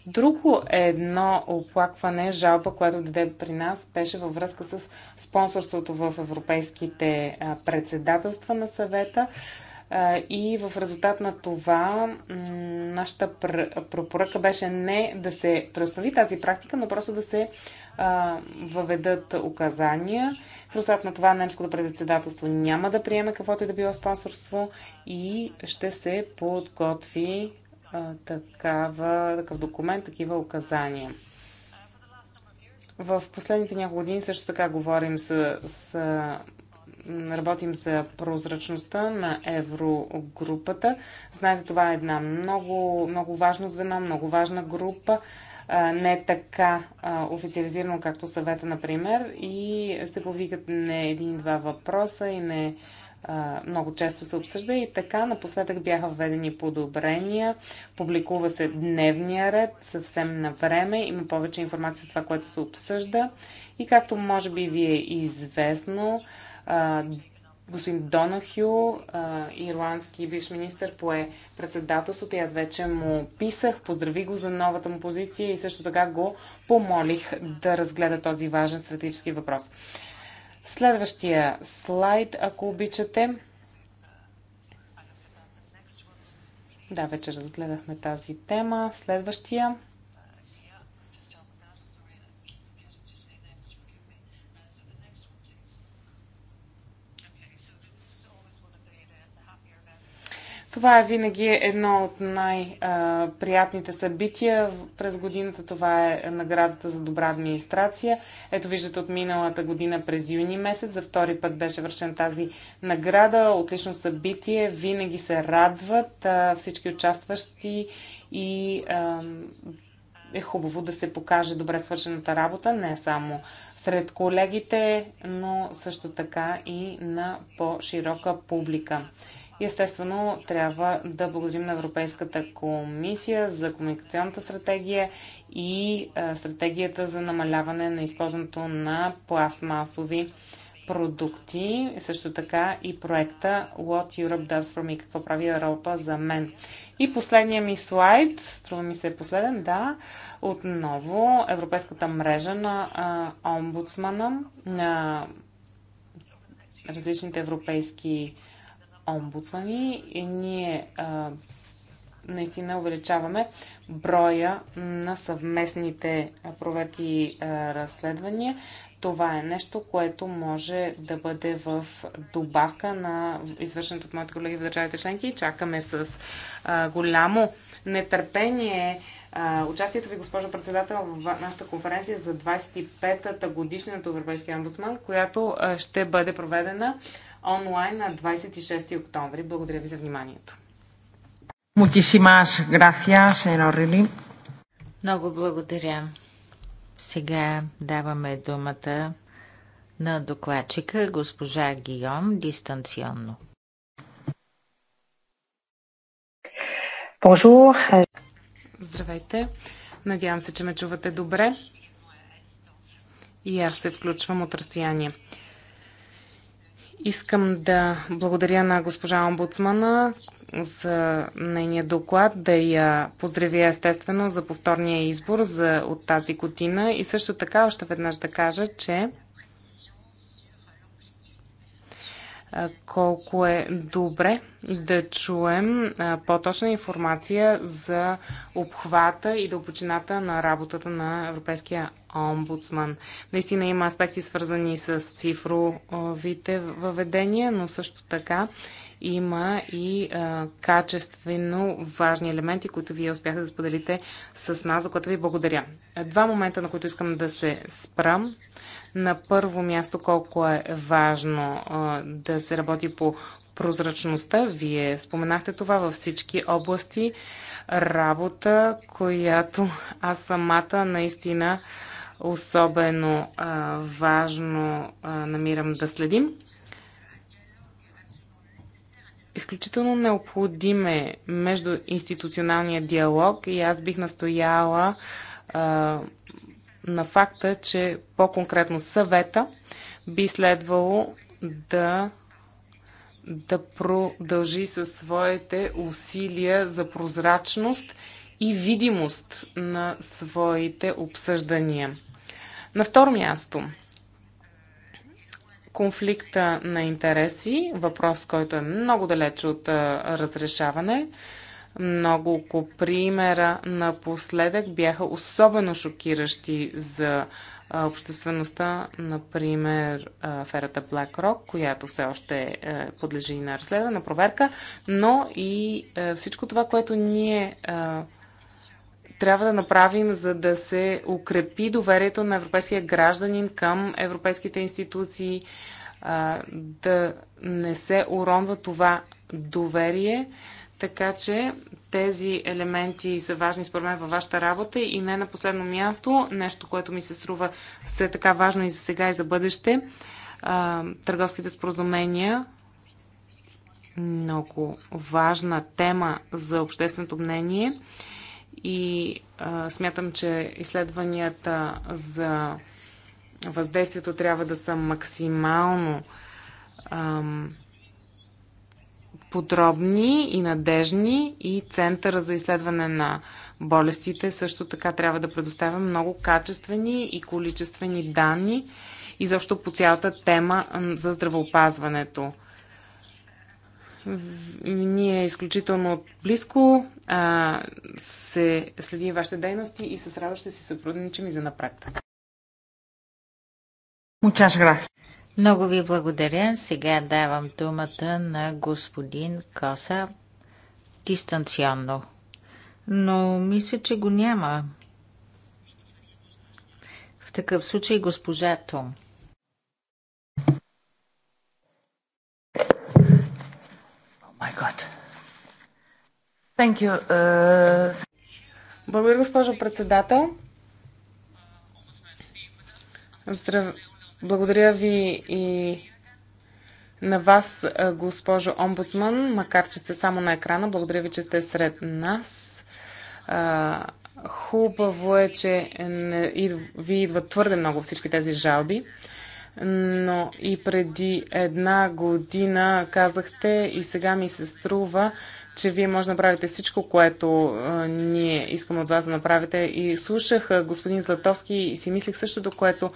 Друго едно оплакване, жалба, която даде при нас, беше във връзка с спонсорството в европейските председателства на съвета. И в резултат на това нашата пропоръка беше не да се преустанови тази практика, но просто да се въведат указания. В резултат на това немското председателство няма да приеме каквото и да било спонсорство и ще се подготви а, такава, такъв документ, такива указания. В последните няколко години също така говорим с, с работим за прозрачността на еврогрупата. Знаете, това е една много, много важно звено, много важна група. Не така официализирано, както съвета, например, и се повикат не един-два въпроса и не много често се обсъжда и така напоследък бяха введени подобрения, публикува се дневния ред съвсем на време, има повече информация за това, което се обсъжда и както може би ви е известно, господин Донахю, ирландски бивш министр, пое председателството и аз вече му писах, поздрави го за новата му позиция и също така го помолих да разгледа този важен стратегически въпрос. Следващия слайд, ако обичате. Да, вече разгледахме тази тема. Следващия. Това е винаги едно от най-приятните събития. През годината това е наградата за добра администрация. Ето виждате от миналата година през юни месец. За втори път беше вършен тази награда. Отлично събитие. Винаги се радват всички участващи и е хубаво да се покаже добре свършената работа, не само сред колегите, но също така и на по-широка публика. И естествено трябва да благодарим на Европейската комисия за комуникационната стратегия и стратегията за намаляване на използването на пластмасови продукти, също така и проекта What Europe Does For Me, какво прави Европа за мен. И последния ми слайд, струва ми се е последен, да, отново Европейската мрежа на а, омбудсмана, на различните европейски омбудсмани и ние а, наистина увеличаваме броя на съвместните проверки и разследвания. Това е нещо, което може да бъде в добавка на извършеното от моите колеги в държавите членки и чакаме с а, голямо нетърпение а, участието ви, госпожо председател, в нашата конференция за 25-та годишната Европейския омбудсман, която а, ще бъде проведена онлайн на 26 октомври. Благодаря ви за вниманието. Много благодаря. Сега даваме думата на докладчика госпожа Гийом дистанционно. Здравейте. Надявам се, че ме чувате добре. И аз се включвам от разстояние. Искам да благодаря на госпожа омбудсмана за нейния доклад, да я поздравя естествено за повторния избор за, от тази година и също така още веднъж да кажа, че колко е добре да чуем по-точна информация за обхвата и дълбочината на работата на Европейския омбудсман. Наистина има аспекти свързани с цифровите въведения, но също така има и а, качествено важни елементи, които вие успяхте да споделите с нас, за което ви благодаря. Два момента, на които искам да се спрам. На първо място, колко е важно а, да се работи по прозрачността. Вие споменахте това във всички области. Работа, която аз самата наистина особено а, важно а, намирам да следим. Изключително необходим е междуинституционалния диалог и аз бих настояла а, на факта, че по-конкретно съвета би следвало да да продължи със своите усилия за прозрачност и видимост на своите обсъждания. На второ място, конфликта на интереси, въпрос, който е много далеч от разрешаване. Много примера напоследък бяха особено шокиращи за обществеността, например аферата BlackRock, която все още е, подлежи на разследване, на проверка, но и е, всичко това, което ние трябва да направим, за да се укрепи доверието на европейския гражданин към европейските институции, да не се уронва това доверие така че тези елементи са важни според мен във вашата работа и не на последно място, нещо, което ми се струва все така важно и за сега и за бъдеще, а, търговските споразумения, много важна тема за общественото мнение и а, смятам, че изследванията за въздействието трябва да са максимално ам, подробни и надежни и Центъра за изследване на болестите също така трябва да предоставя много качествени и количествени данни и защо по цялата тема за здравеопазването. Ние изключително близко а, се следим вашите дейности и с радост ще си сътрудничим и за напред. Muchas gracias. Много ви благодаря. Сега давам думата на господин Коса дистанционно. Но мисля, че го няма. В такъв случай госпожа Том. Oh uh... Благодаря, госпожо председател. Здравейте. Благодаря ви и на вас, госпожо омбудсман, макар че сте само на екрана. Благодаря ви, че сте сред нас. Хубаво е, че ви идват твърде много всички тези жалби но и преди една година казахте и сега ми се струва, че вие може да направите всичко, което ние искаме от вас да направите. И слушах господин Златовски и си мислих същото, което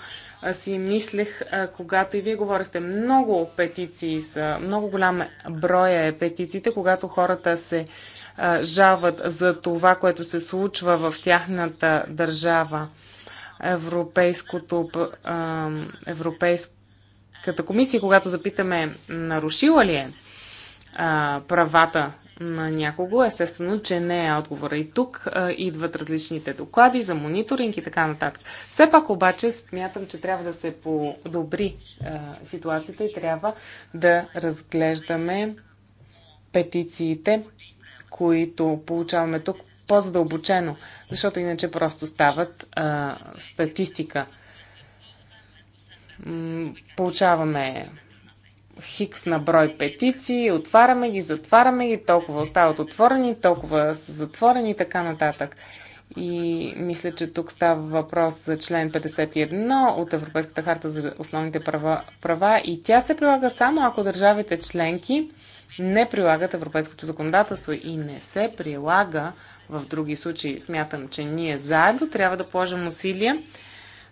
си мислех, когато и вие говорихте. Много петиции са, много голям броя е петициите, когато хората се жават жалват за това, което се случва в тяхната държава. Европейското, Европейската комисия, когато запитаме нарушила ли е правата на някого, естествено, че не е отговора. И тук а, идват различните доклади за мониторинг и така нататък. Все пак обаче смятам, че трябва да се подобри а, ситуацията и трябва да разглеждаме петициите, които получаваме тук по-задълбочено, защото иначе просто стават а, статистика. М получаваме хикс на брой петиции, отваряме ги, затваряме ги, толкова остават отворени, толкова са затворени и така нататък. И мисля, че тук става въпрос за член 51 от Европейската харта за основните права, права и тя се прилага само ако държавите членки не прилагат европейското законодателство и не се прилага в други случаи. Смятам, че ние заедно трябва да положим усилия,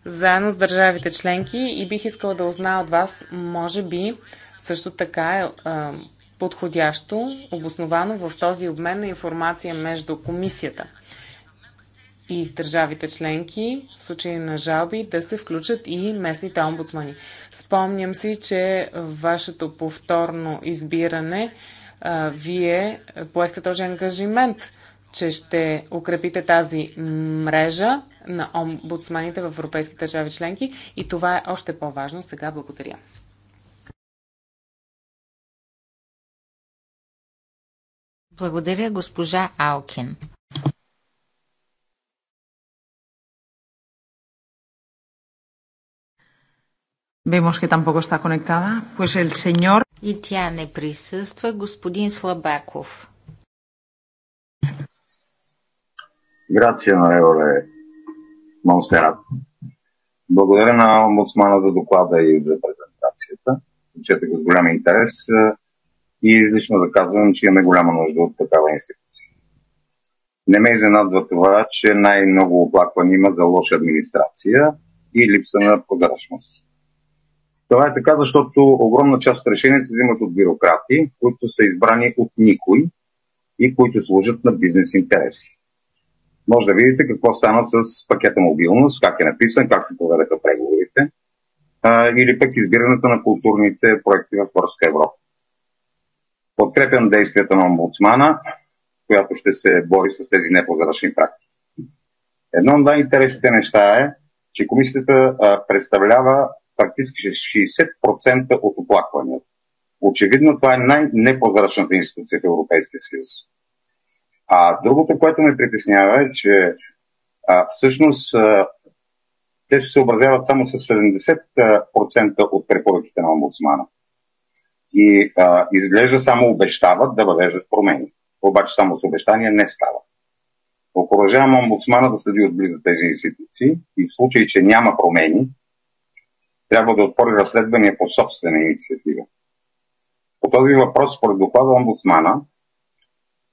заедно с държавите членки и бих искала да узная от вас, може би също така е подходящо, обосновано в този обмен на информация между комисията и държавите членки в случай на жалби да се включат и местните омбудсмани. Спомням си, че вашето повторно избиране вие поехте този ангажимент че ще укрепите тази мрежа на омбудсманите в европейските държави членки и това е още по-важно сега. Благодаря. Благодаря, госпожа Алкин. Vemos que tampoco está conectada. Pues el señor... И тя не присъства, господин Слабаков. Грация на Евре Монсерат. Благодаря на омбудсмана за доклада и за презентацията. го с голям интерес и излично да казвам, че имаме голяма нужда от такава институция. Не ме изненадва това, че най-много оплакване има за лоша администрация и липса на прозрачност. Това е така, защото огромна част от решенията взимат от бюрократи, които са избрани от никой и които служат на бизнес интереси може да видите какво стана с пакета мобилност, как е написан, как се проведаха преговорите, а, или пък избирането на културните проекти в Хорска Европа. Подкрепям действията на омбудсмана, която ще се бори с тези непозрачни практики. Едно от най-интересните неща е, че комисията а, представлява практически 60% от оплакванията. Очевидно това е най непозрачната институция в Европейския съюз. А другото, което ме притеснява е, че а, всъщност а, те се съобразяват само с 70% от препоръките на омбудсмана. И а, изглежда само обещават да въвеждат промени. Обаче само с обещания не става. Окоръжавам омбудсмана да следи отблизо тези институции и в случай, че няма промени, трябва да отвори разследвания по собствена инициатива. По този въпрос, според доклада омбудсмана,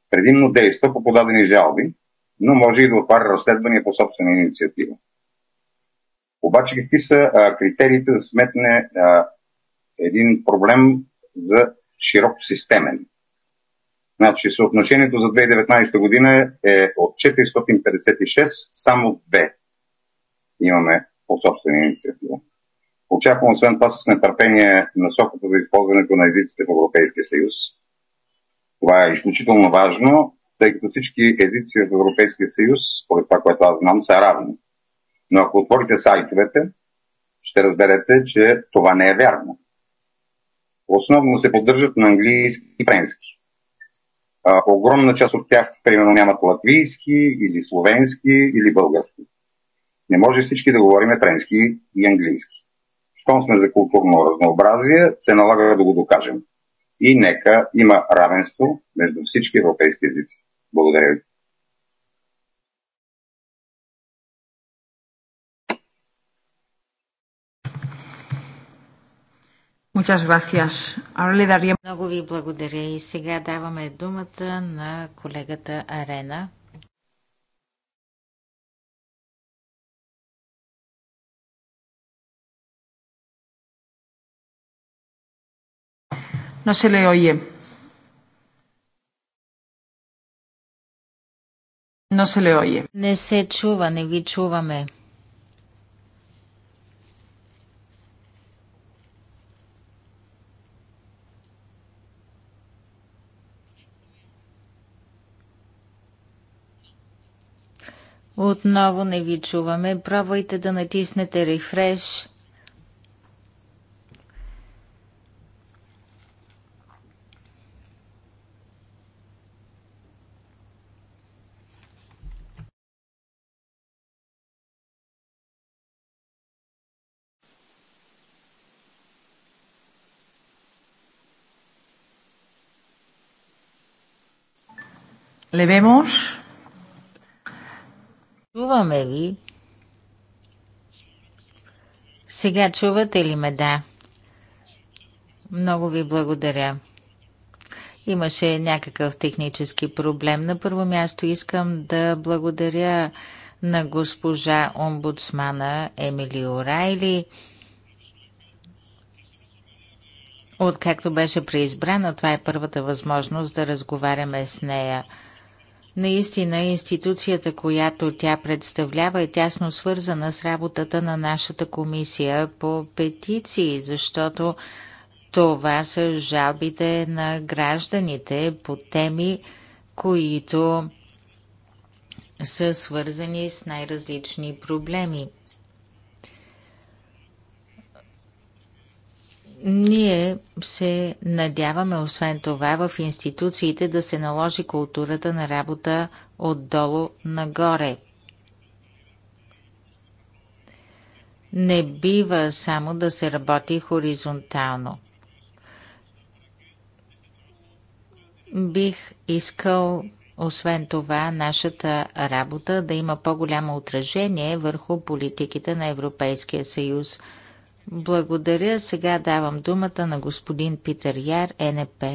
Предимно действа по подадени жалби, но може и да отваря разследвания по собствена инициатива. Обаче какви са а, критериите да сметне а, един проблем за широко системен? Значи съотношението за 2019 година е от 456, само 2 имаме по собствена инициатива. Очаквам освен това с нетърпение насоката за използването на езиците в Европейския съюз, това е изключително важно, тъй като всички езици в Европейския съюз, според това, което аз знам, са равни. Но ако отворите сайтовете, ще разберете, че това не е вярно. Основно се поддържат на английски и френски. А, огромна част от тях, примерно, нямат латвийски или словенски или български. Не може всички да говорим френски и английски. Щом сме за културно разнообразие, се налага да го докажем и нека има равенство между всички европейски езици. Благодаря ви. Много ви благодаря и сега даваме думата на колегата Арена. No se le oye. Но се ли ое? Не се чува, не ви чуваме. Отново не ви чуваме. Пробвайте да натиснете рефреш. Le vemos. Чуваме ви. Сега чувате ли ме? Да. Много ви благодаря. Имаше някакъв технически проблем. На първо място искам да благодаря на госпожа омбудсмана Емили Орайли. Откакто беше преизбрана, това е първата възможност да разговаряме с нея – Наистина институцията, която тя представлява е тясно свързана с работата на нашата комисия по петиции, защото това са жалбите на гражданите по теми, които са свързани с най-различни проблеми. Ние се надяваме, освен това, в институциите да се наложи културата на работа отдолу нагоре. Не бива само да се работи хоризонтално. Бих искал, освен това, нашата работа да има по-голямо отражение върху политиките на Европейския съюз – благодаря. Сега давам думата на господин Питер Яр, НП.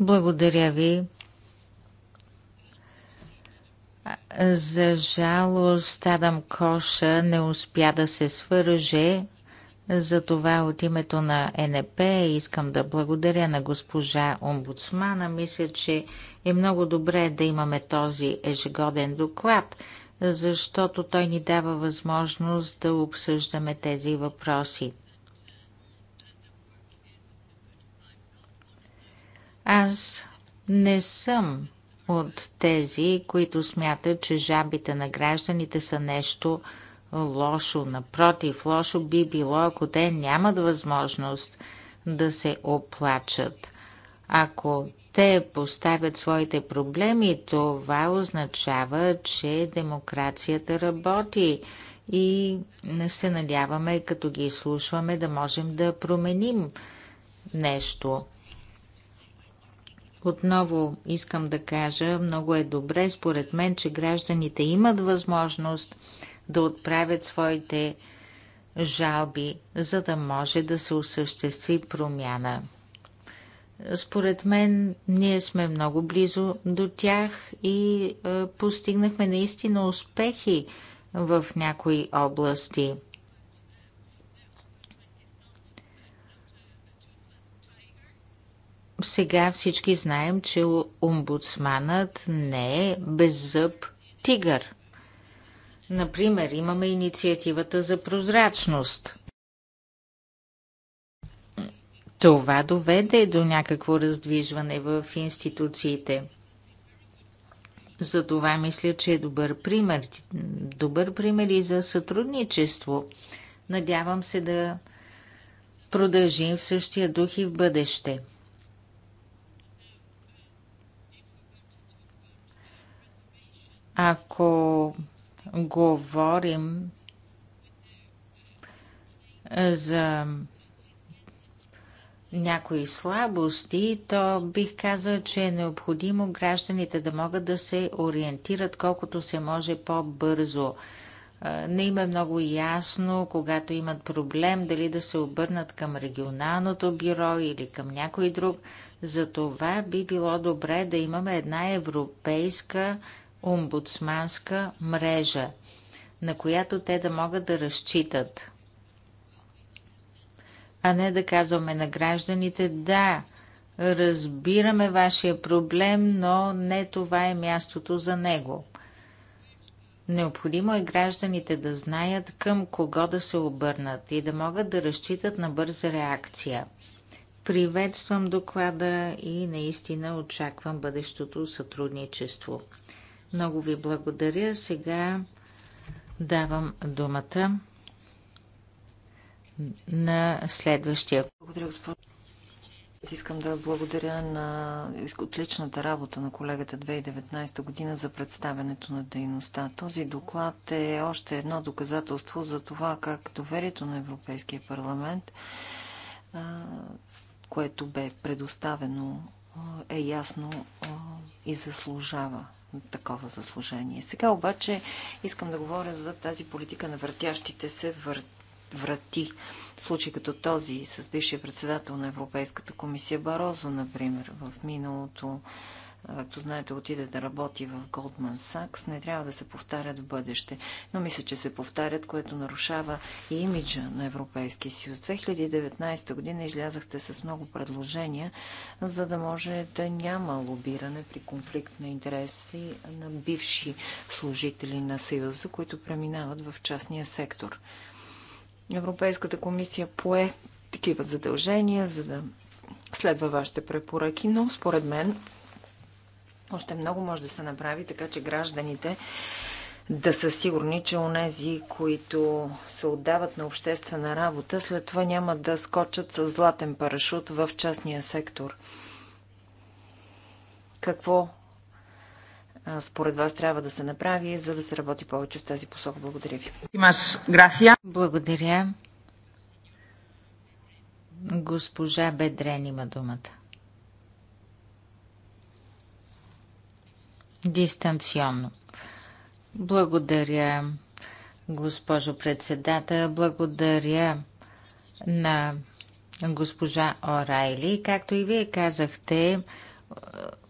Благодаря ви. За жалост, Адам Коша не успя да се свърже. за това от името на НП искам да благодаря на госпожа омбудсмана. Мисля, че е много добре да имаме този ежегоден доклад защото той ни дава възможност да обсъждаме тези въпроси. Аз не съм от тези, които смятат, че жабите на гражданите са нещо лошо. Напротив, лошо би било, ако те нямат възможност да се оплачат. Ако те поставят своите проблеми, това означава, че демокрацията работи и се надяваме, като ги изслушваме, да можем да променим нещо. Отново искам да кажа, много е добре според мен, че гражданите имат възможност да отправят своите жалби, за да може да се осъществи промяна. Според мен ние сме много близо до тях и е, постигнахме наистина успехи в някои области. Сега всички знаем, че омбудсманът не е беззъб тигър. Например, имаме инициативата за прозрачност – това доведе до някакво раздвижване в институциите. Затова мисля, че е добър пример. Добър пример и за сътрудничество. Надявам се да продължим в същия дух и в бъдеще. Ако говорим за някои слабости, то бих казал, че е необходимо гражданите да могат да се ориентират колкото се може по-бързо. Не им е много ясно, когато имат проблем, дали да се обърнат към регионалното бюро или към някой друг. За това би било добре да имаме една европейска омбудсманска мрежа, на която те да могат да разчитат а не да казваме на гражданите да, разбираме вашия проблем, но не това е мястото за него. Необходимо е гражданите да знаят към кого да се обърнат и да могат да разчитат на бърза реакция. Приветствам доклада и наистина очаквам бъдещото сътрудничество. Много ви благодаря. Сега давам думата на следващия. Благодаря, господин. Искам да благодаря на отличната работа на колегата 2019 година за представянето на дейността. Този доклад е още едно доказателство за това как доверието на Европейския парламент, което бе предоставено, е ясно и заслужава такова заслужение. Сега обаче искам да говоря за тази политика на въртящите се вър врати. Случай като този с бившия председател на Европейската комисия Барозо, например, в миналото, както знаете, отиде да работи в Goldman Sachs, не трябва да се повтарят в бъдеще. Но мисля, че се повтарят, което нарушава и имиджа на Европейския съюз. 2019 година излязахте с много предложения, за да може да няма лобиране при конфликт на интереси на бивши служители на съюза, които преминават в частния сектор. Европейската комисия пое такива задължения, за да следва вашите препоръки, но според мен още много може да се направи, така че гражданите да са сигурни, че онези, които се отдават на обществена работа, след това няма да скочат с златен парашут в частния сектор. Какво според вас трябва да се направи, за да се работи повече в тази посока? Благодаря ви. Благодаря. Госпожа Бедрен има думата. Дистанционно. Благодаря, госпожо председател. Благодаря на госпожа Орайли. Както и вие казахте,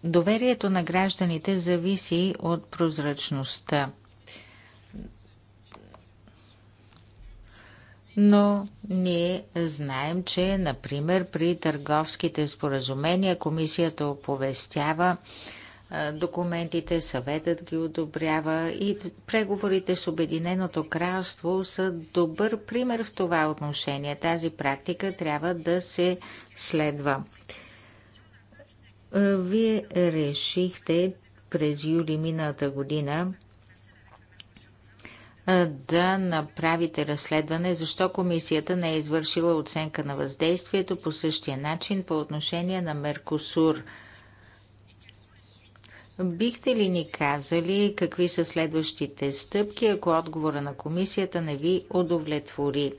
Доверието на гражданите зависи от прозрачността. Но ние знаем, че, например, при търговските споразумения комисията оповестява документите, съветът ги одобрява и преговорите с Обединеното кралство са добър пример в това отношение. Тази практика трябва да се следва. Е, вие решихте през юли миналата година е, да направите разследване, защо комисията не е извършила оценка на въздействието по същия начин по отношение на Меркосур. Бихте ли ни казали какви са следващите стъпки, ако отговора на комисията не ви удовлетвори?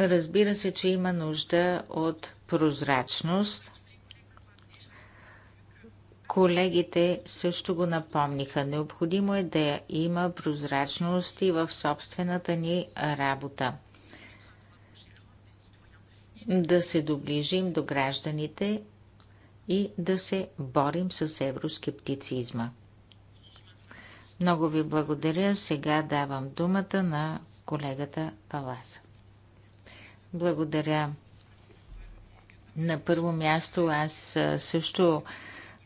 Разбира се, че има нужда от прозрачност – Колегите също го напомниха. Необходимо е да има прозрачност и в собствената ни работа. Да се доближим до гражданите и да се борим с евроскептицизма. Много ви благодаря. Сега давам думата на колегата Палас. Благодаря. На първо място аз също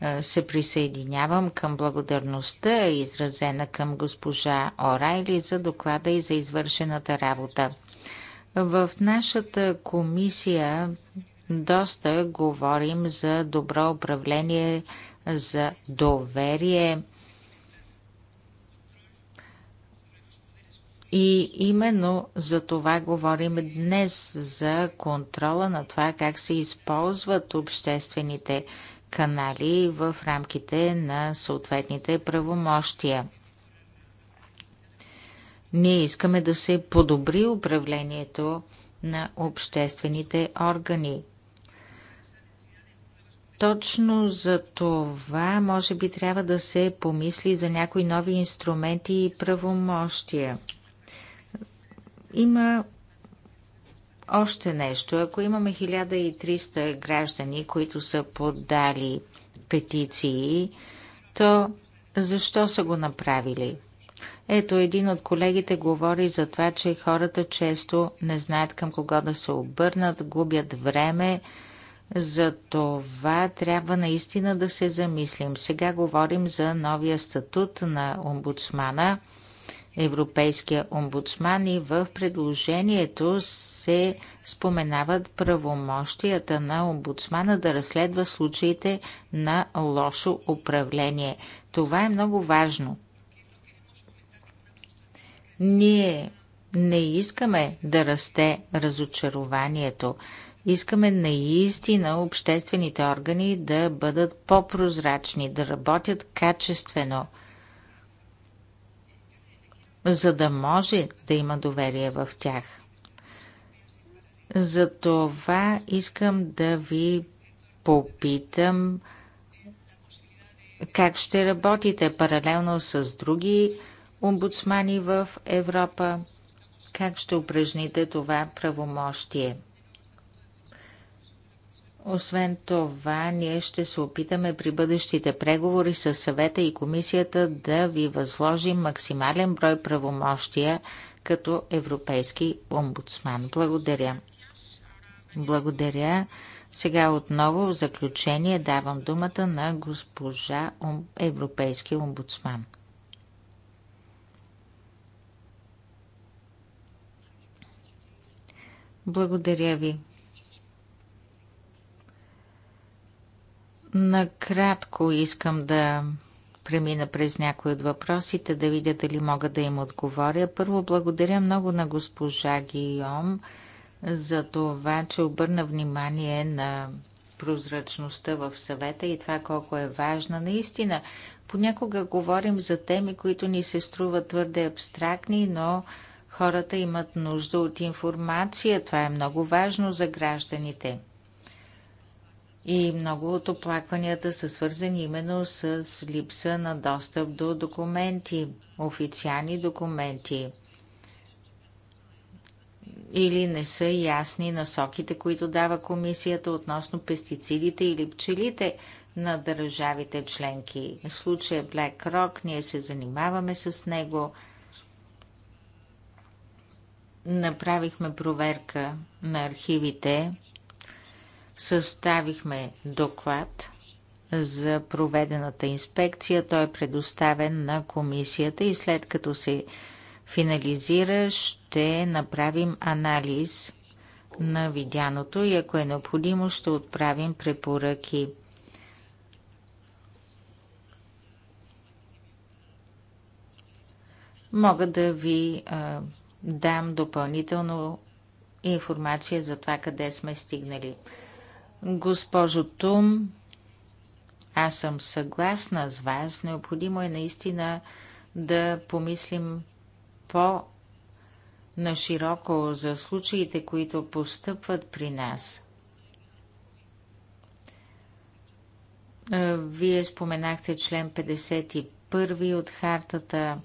е, се присъединявам към благодарността, изразена към госпожа Орайли за доклада и за извършената работа. В нашата комисия доста говорим за добро управление, за доверие. И именно за това говорим днес, за контрола на това как се използват обществените канали в рамките на съответните правомощия. Ние искаме да се подобри управлението на обществените органи. Точно за това може би трябва да се помисли за някои нови инструменти и правомощия. Има още нещо. Ако имаме 1300 граждани, които са подали петиции, то защо са го направили? Ето, един от колегите говори за това, че хората често не знаят към кого да се обърнат, губят време. За това трябва наистина да се замислим. Сега говорим за новия статут на омбудсмана – Европейския омбудсман и в предложението се споменават правомощията на омбудсмана да разследва случаите на лошо управление. Това е много важно. Ние не искаме да расте разочарованието. Искаме наистина обществените органи да бъдат по-прозрачни, да работят качествено – за да може да има доверие в тях. Затова искам да ви попитам как ще работите паралелно с други омбудсмани в Европа, как ще упражните това правомощие. Освен това, ние ще се опитаме при бъдещите преговори с съвета и комисията да ви възложим максимален брой правомощия като европейски омбудсман. Благодаря. Благодаря. Сега отново в заключение давам думата на госпожа Европейски омбудсман. Благодаря ви. Накратко искам да премина през някои от въпросите, да видя дали мога да им отговоря. Първо благодаря много на госпожа Гийом за това, че обърна внимание на прозрачността в съвета и това колко е важна. Наистина, понякога говорим за теми, които ни се струват твърде абстрактни, но хората имат нужда от информация. Това е много важно за гражданите. И много от оплакванията са свързани именно с липса на достъп до документи, официални документи. Или не са ясни насоките, които дава комисията относно пестицидите или пчелите на държавите членки. В случая Black Rock, ние се занимаваме с него. Направихме проверка на архивите Съставихме доклад за проведената инспекция. Той е предоставен на комисията и след като се финализира, ще направим анализ на видяното и ако е необходимо, ще отправим препоръки. Мога да ви а, дам допълнително информация за това къде сме стигнали. Госпожо Тум, аз съм съгласна с вас. Необходимо е наистина да помислим по нашироко за случаите, които постъпват при нас. Вие споменахте член 51 от хартата.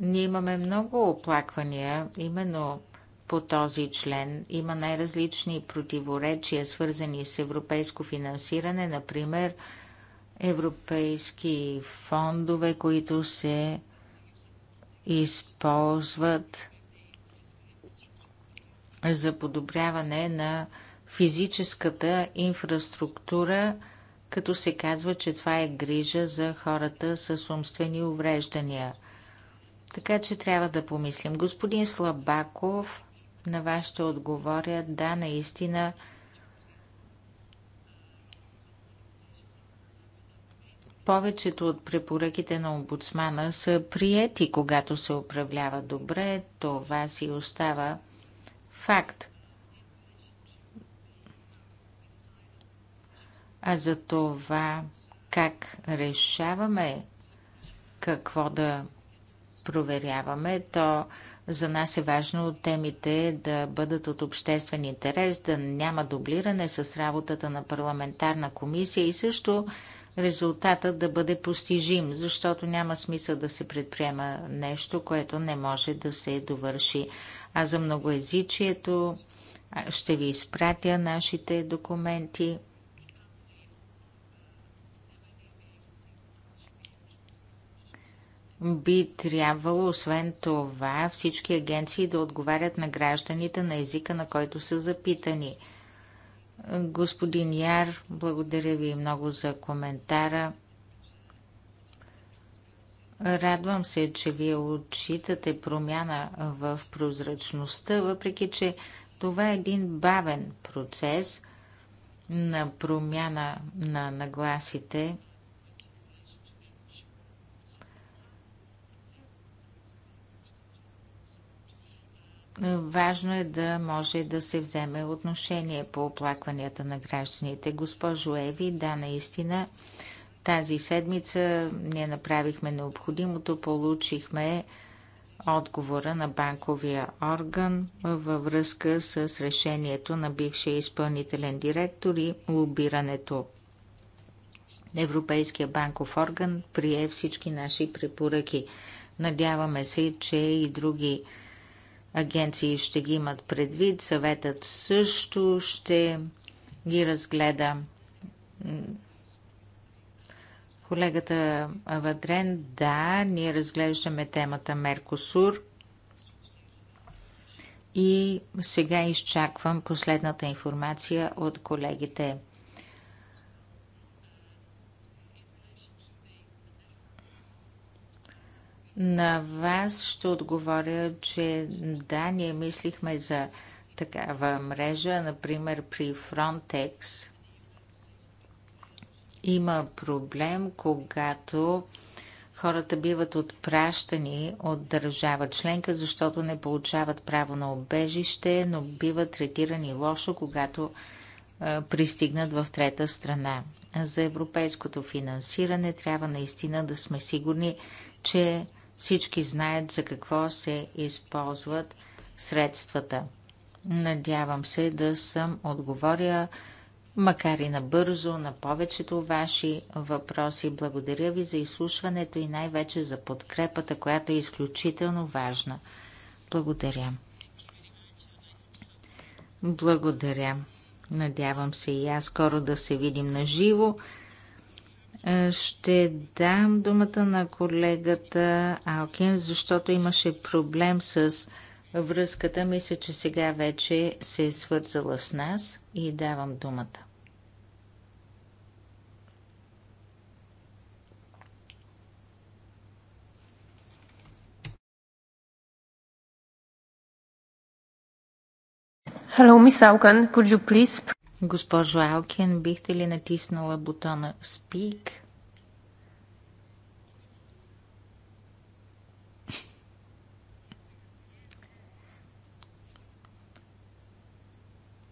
Ние имаме много оплаквания именно по този член. Има най-различни противоречия, свързани с европейско финансиране, например европейски фондове, които се използват за подобряване на физическата инфраструктура, като се казва, че това е грижа за хората с умствени увреждания. Така че трябва да помислим. Господин Слабаков на вас ще отговоря, да, наистина повечето от препоръките на омбудсмана са приети, когато се управлява добре. Това си остава факт. А за това как решаваме какво да проверяваме, то за нас е важно темите да бъдат от обществен интерес, да няма дублиране с работата на парламентарна комисия и също резултатът да бъде постижим, защото няма смисъл да се предприема нещо, което не може да се довърши. А за многоязичието ще ви изпратя нашите документи. Би трябвало, освен това, всички агенции да отговарят на гражданите на езика, на който са запитани. Господин Яр, благодаря ви много за коментара. Радвам се, че вие отчитате промяна в прозрачността, въпреки че това е един бавен процес на промяна на нагласите – Важно е да може да се вземе отношение по оплакванията на гражданите. Госпожо Еви, да, наистина, тази седмица ние направихме необходимото, получихме отговора на банковия орган във връзка с решението на бившия изпълнителен директор и лобирането. Европейския банков орган прие всички наши препоръки. Надяваме се, че и други агенции ще ги имат предвид, съветът също ще ги разгледа. Колегата Вадрен, да, ние разглеждаме темата Меркосур и сега изчаквам последната информация от колегите. На вас ще отговоря, че да, ние мислихме за такава мрежа, например при Frontex. Има проблем, когато хората биват отпращани от държава членка, защото не получават право на обежище, но биват третирани лошо, когато е, пристигнат в трета страна. За европейското финансиране трябва наистина да сме сигурни, че всички знаят за какво се използват средствата. Надявам се да съм отговоря, макар и набързо, на повечето ваши въпроси. Благодаря ви за изслушването и най-вече за подкрепата, която е изключително важна. Благодаря. Благодаря. Надявам се и аз скоро да се видим на живо. Е, ще дам думата на колегата Алкин, защото имаше проблем с връзката. Мисля, че сега вече се е свързала с нас и давам думата. Hello, Miss Alkan, Could you please... Госпожо Алкен, бихте ли натиснала бутона Speak?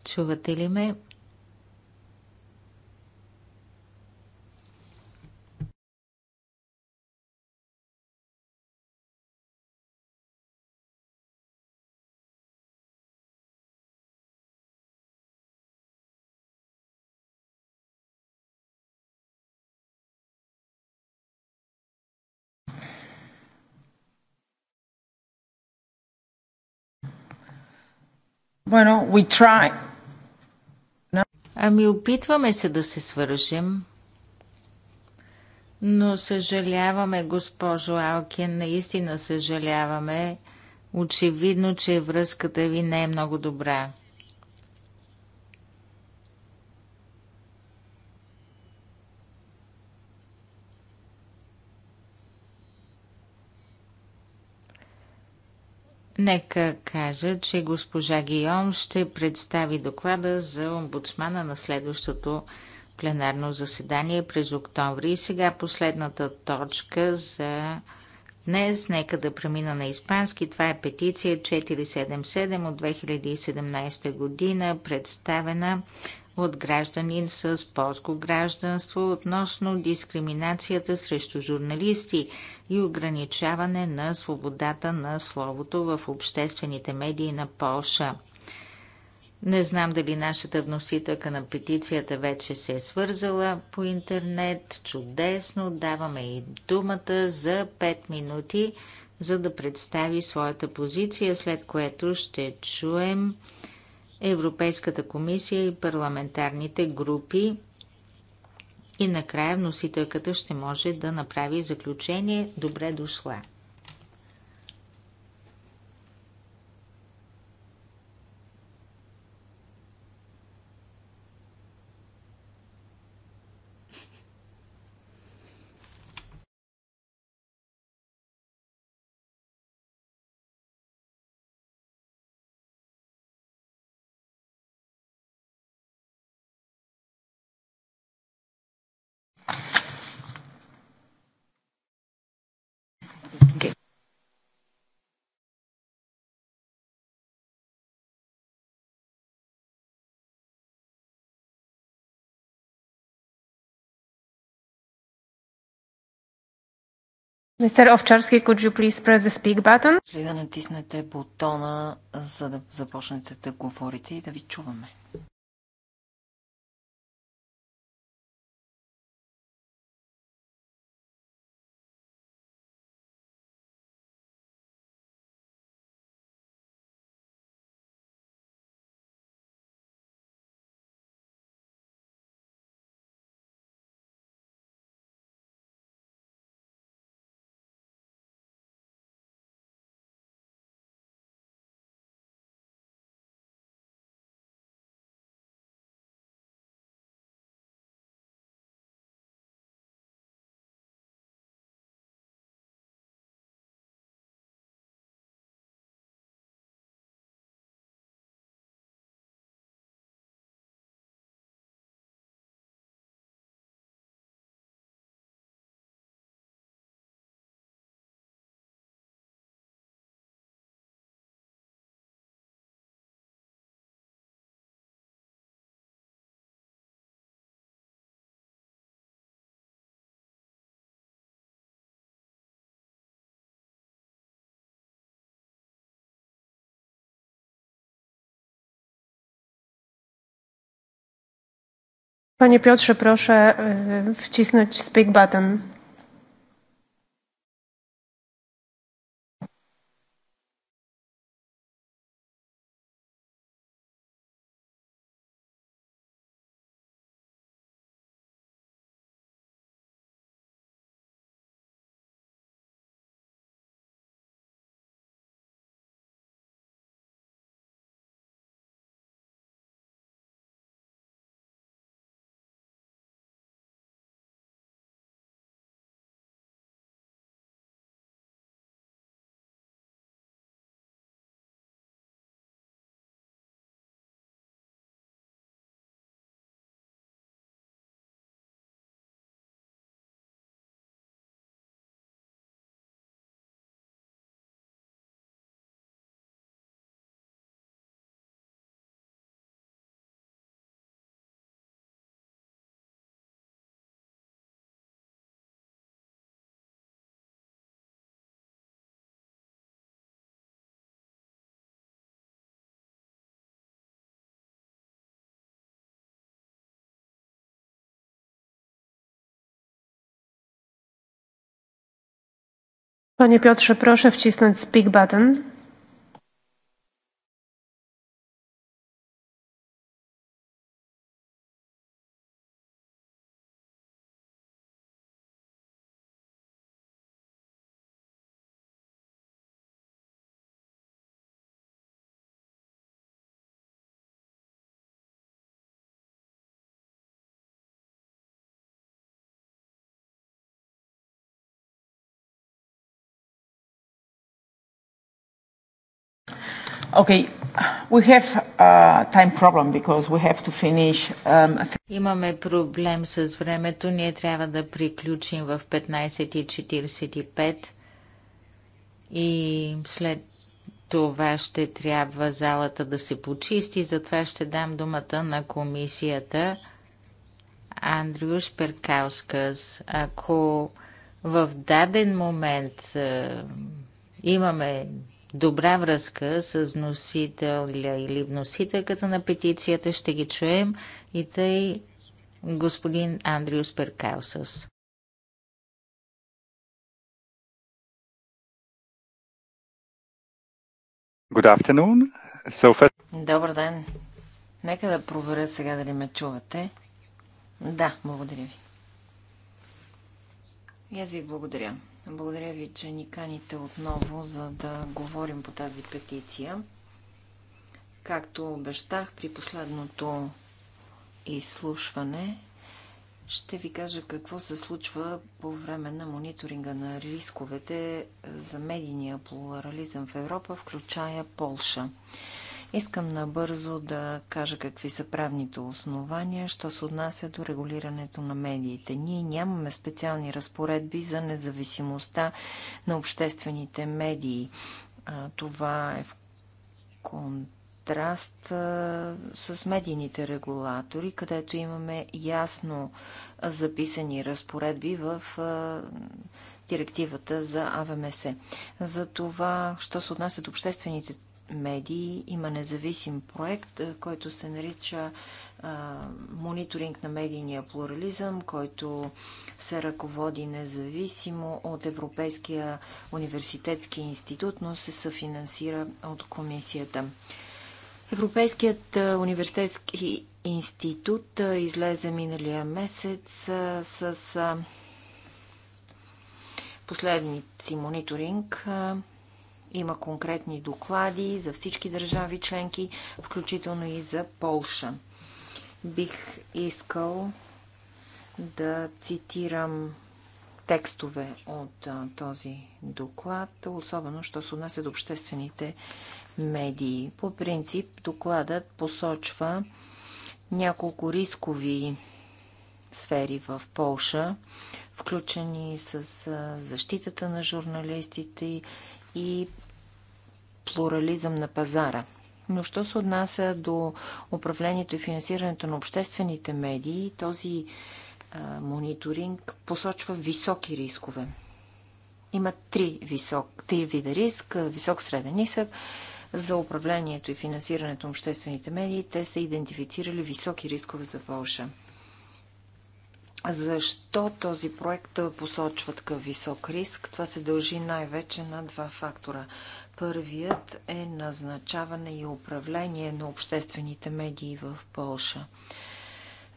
Чувате ли ме? Bueno, we try. No. Ами опитваме се да се свържем. Но съжаляваме, госпожо Алкин, наистина съжаляваме. Очевидно, че връзката ви не е много добра. Нека кажа, че госпожа Гийом ще представи доклада за омбудсмана на следващото пленарно заседание през октомври. И сега последната точка за днес. Нека да премина на испански. Това е петиция 477 от 2017 година, представена от гражданин с полско гражданство относно дискриминацията срещу журналисти и ограничаване на свободата на словото в обществените медии на Полша. Не знам дали нашата вносителка на петицията вече се е свързала по интернет. Чудесно, даваме и думата за 5 минути, за да представи своята позиция, след което ще чуем Европейската комисия и парламентарните групи. И накрая вносителката ще може да направи заключение. Добре дошла! Мистер Овчарски, could you please press the speak button? Ли да натиснете бутона, за да започнете да говорите и да ви чуваме. Panie Piotrze, proszę wcisnąć speak button. Panie Piotrze, proszę wcisnąć speak button. Okay. We have a uh, time problem because we have to finish. Um... Имаме проблем с времето. Ние трябва да приключим в 15:45 и след това ще трябва залата да се почисти. Затова ще дам думата на комисията Андрюш Перкаускас. Ако в даден момент е, имаме добра връзка с вносителя или вносителката на петицията. Ще ги чуем и тъй господин Андриус Перкаусас. Good afternoon. So Добър ден. Нека да проверя сега дали ме чувате. Да, благодаря ви. И аз ви благодаря. Благодаря ви, че ни каните отново, за да говорим по тази петиция. Както обещах при последното изслушване, ще ви кажа какво се случва по време на мониторинга на рисковете за медийния плурализъм в Европа, включая Полша. Искам набързо да кажа какви са правните основания, що се отнася до регулирането на медиите. Ние нямаме специални разпоредби за независимостта на обществените медии. Това е в контраст с медийните регулатори, където имаме ясно записани разпоредби в директивата за АВМС. За това, що се отнася до обществените медии има независим проект, който се нарича Мониторинг на медийния плурализъм, който се ръководи независимо от Европейския университетски институт, но се съфинансира от комисията. Европейският университетски институт излезе миналия месец с последници мониторинг. Има конкретни доклади за всички държави членки, включително и за Полша. Бих искал да цитирам текстове от а, този доклад, особено що се отнася до обществените медии. По принцип, докладът посочва няколко рискови сфери в Полша, включени с защитата на журналистите и плурализъм на пазара. Но що се отнася до управлението и финансирането на обществените медии, този а, мониторинг посочва високи рискове. Има три, висок, три вида риск висок, среден нисък. За управлението и финансирането на обществените медии те са идентифицирали високи рискове за Полша. Защо този проект посочва такъв висок риск? Това се дължи най-вече на два фактора. Първият е назначаване и управление на обществените медии в Полша.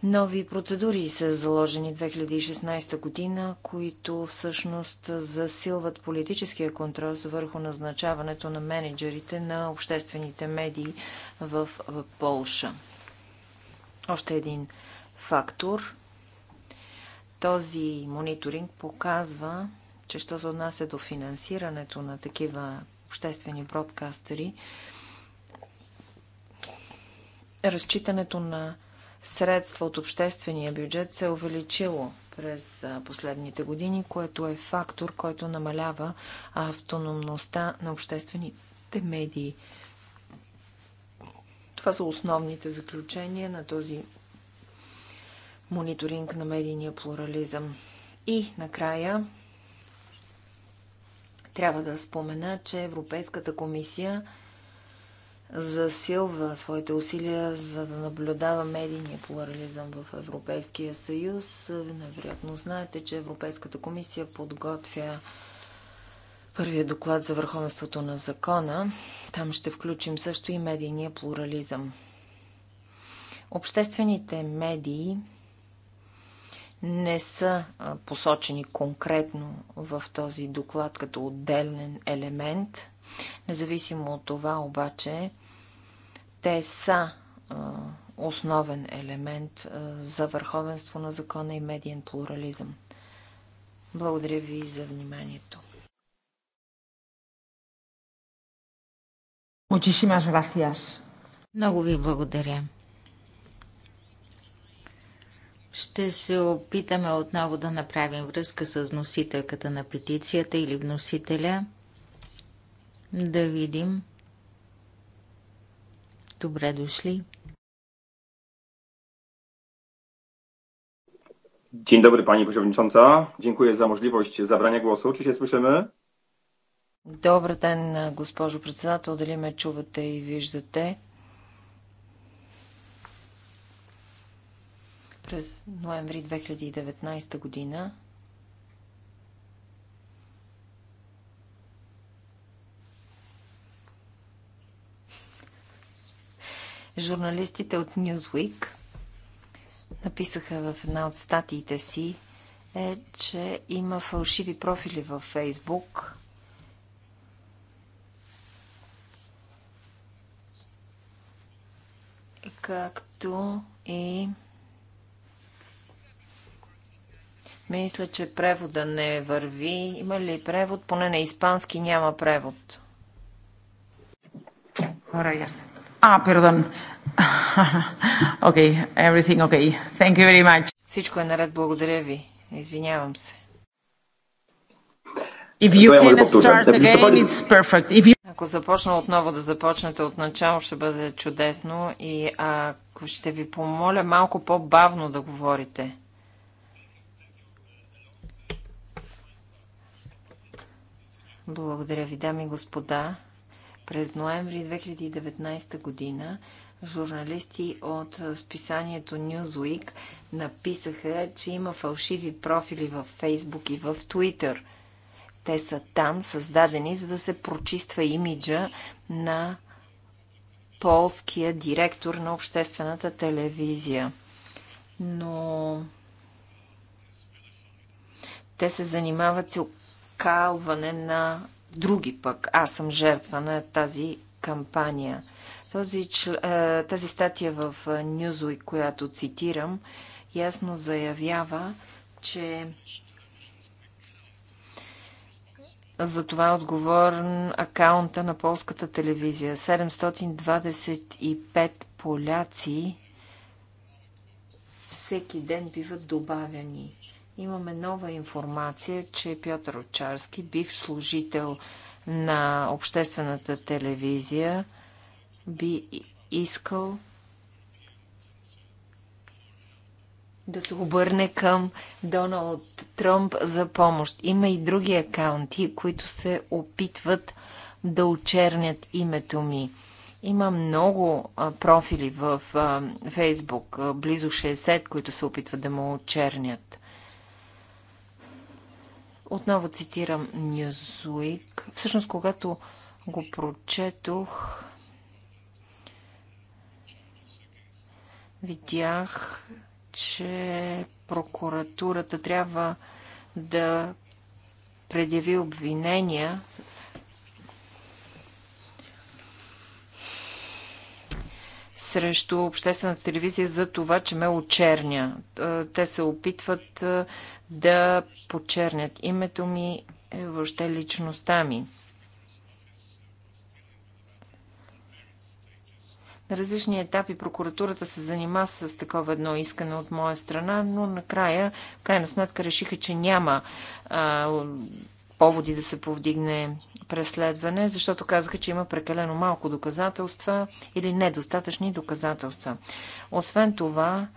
Нови процедури са заложени 2016 година, които всъщност засилват политическия контрол върху назначаването на менеджерите на обществените медии в Полша. Още един фактор този мониторинг показва, че що се отнася до финансирането на такива обществени бродкастери, разчитането на средства от обществения бюджет се е увеличило през последните години, което е фактор, който намалява автономността на обществените медии. Това са основните заключения на този мониторинг на медийния плурализъм. И накрая трябва да спомена, че Европейската комисия засилва своите усилия за да наблюдава медийния плурализъм в Европейския съюз. Вероятно знаете, че Европейската комисия подготвя първия доклад за върховенството на закона. Там ще включим също и медийния плурализъм. Обществените медии не са посочени конкретно в този доклад като отделен елемент. Независимо от това обаче, те са основен елемент за върховенство на закона и медиен плурализъм. Благодаря ви за вниманието. Много ви благодаря. Ще се опитаме отново да направим връзка с вносителката на петицията или вносителя. Да видим. Добре дошли. Dzień dobry Pani Przewodnicząca. Dziękuję za możliwość zabrania głosu. Czy się słyszymy? Добър ден, госпожо председател. Дали ме чувате и виждате? През ноември 2019 година журналистите от Newsweek написаха в една от статиите си, е, че има фалшиви профили във Фейсбук. Както и Мисля, че превода не върви. Има ли превод? Поне на испански няма превод. А, пердон. Окей, everything okay. Thank you very much. Всичко е наред, благодаря ви. Извинявам се. If you can start again, it's perfect. If you... Ако започна отново да започнете от начало, ще бъде чудесно и ако ще ви помоля малко по-бавно да говорите. Благодаря ви, дами и господа. През ноември 2019 година журналисти от списанието Newsweek написаха, че има фалшиви профили в Фейсбук и в Twitter. Те са там създадени, за да се прочиства имиджа на полския директор на обществената телевизия. Но те се занимават с подкалване на други пък. Аз съм жертва на тази кампания. Този, е, тази статия в е, Newsweek, която цитирам, ясно заявява, че за това е отговорен акаунта на полската телевизия. 725 поляци всеки ден биват добавяни имаме нова информация, че Пьотър Очарски, бив служител на обществената телевизия, би искал да се обърне към Доналд Тръмп за помощ. Има и други акаунти, които се опитват да очернят името ми. Има много профили в Фейсбук, близо 60, които се опитват да му очернят. Отново цитирам Newsweek. Всъщност, когато го прочетох, видях, че прокуратурата трябва да предяви обвинения срещу обществената телевизия за това, че ме очерня. Е, те се опитват е, да почернят името ми, е, въобще личността ми. На различни етапи прокуратурата се занима с такова едно искане от моя страна, но накрая, в крайна сметка, решиха, че няма а, поводи да се повдигне преследване, защото казаха, че има прекалено малко доказателства или недостатъчни доказателства. Освен това,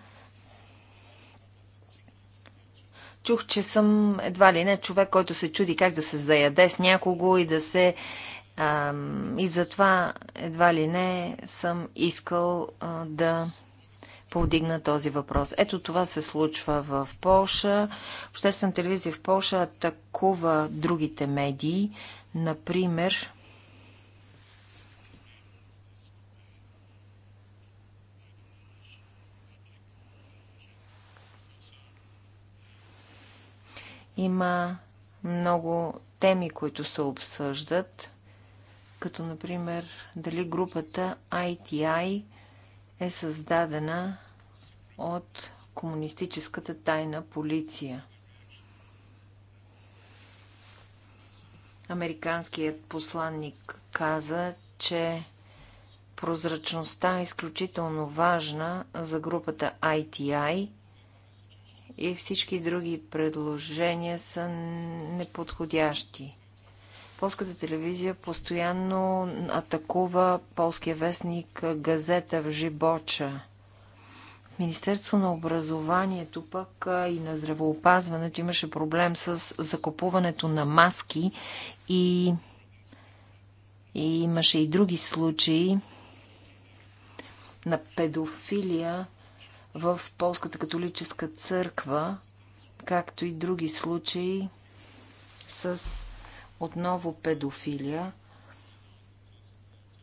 чух, че съм едва ли не човек, който се чуди как да се заяде с някого и да се. А, и затова едва ли не съм искал а, да повдигна този въпрос. Ето това се случва в Полша. Обществена телевизия в Полша атакува другите медии Например, има много теми, които се обсъждат, като например дали групата ITI е създадена от комунистическата тайна полиция. Американският посланник каза, че прозрачността е изключително важна за групата ITI и всички други предложения са неподходящи. Полската телевизия постоянно атакува полския вестник газета в Жибоча. Министерство на образованието пък и на здравеопазването имаше проблем с закупуването на маски и, и имаше и други случаи на педофилия в Полската католическа църква, както и други случаи с отново педофилия.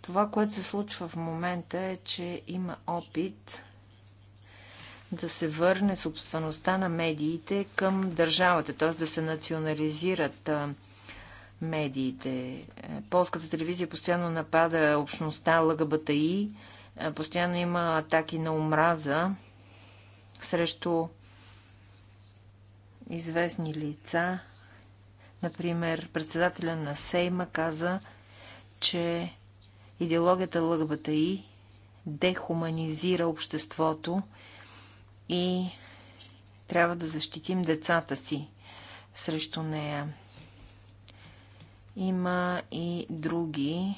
Това, което се случва в момента е, че има опит да се върне собствеността на медиите към държавата, т.е. да се национализират медиите. Е, полската телевизия постоянно напада общността ЛГБТИ, е, постоянно има атаки на омраза срещу известни лица. Например, председателя на Сейма каза, че идеологията ЛГБТИ дехуманизира обществото и трябва да защитим децата си срещу нея. Има и други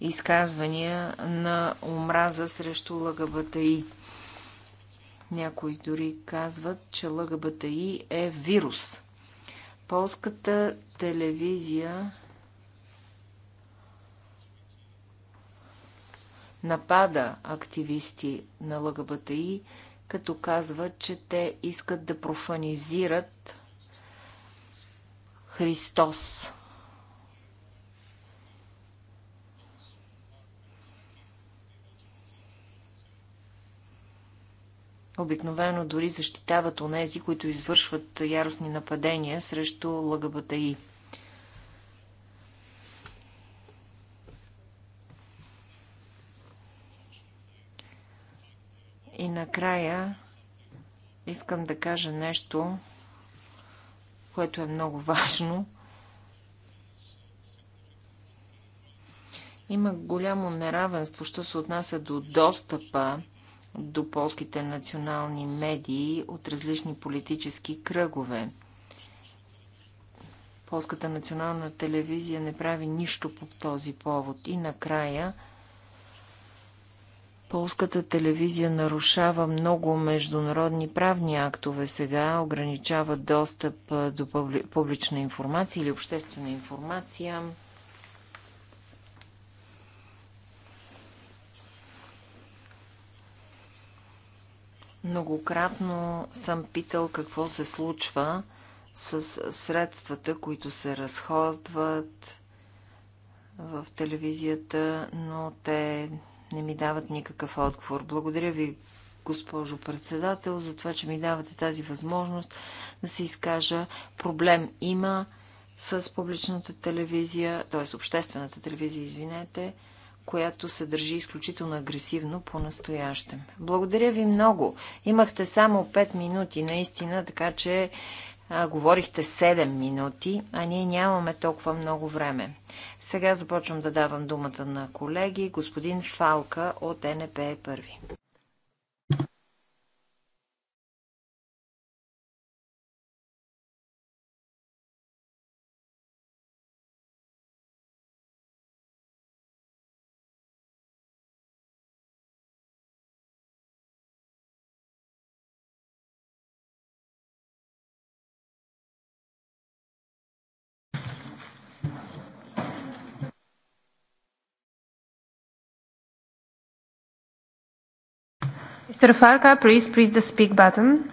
изказвания на омраза срещу ЛГБТИ. Някои дори казват, че ЛГБТИ е вирус. Полската телевизия напада активисти на ЛГБТИ, като казва, че те искат да профанизират Христос. Обикновено дори защитават онези, които извършват яростни нападения срещу ЛГБТИ. И накрая искам да кажа нещо, което е много важно. Има голямо неравенство, що се отнася до достъпа до полските национални медии от различни политически кръгове. Полската национална телевизия не прави нищо по този повод. И накрая Полската телевизия нарушава много международни правни актове сега, ограничава достъп до публична информация или обществена информация. Многократно съм питал какво се случва с средствата, които се разходват в телевизията, но те не ми дават никакъв отговор. Благодаря ви, госпожо председател, за това, че ми давате тази възможност да се изкажа. Проблем има с публичната телевизия, т.е. обществената телевизия, извинете, която се държи изключително агресивно по-настоящем. Благодаря ви много. Имахте само 5 минути, наистина, така че а, говорихте 7 минути, а ние нямаме толкова много време. Сега започвам да давам думата на колеги. Господин Фалка от НП е първи. Mr. Farka, please press the speak button.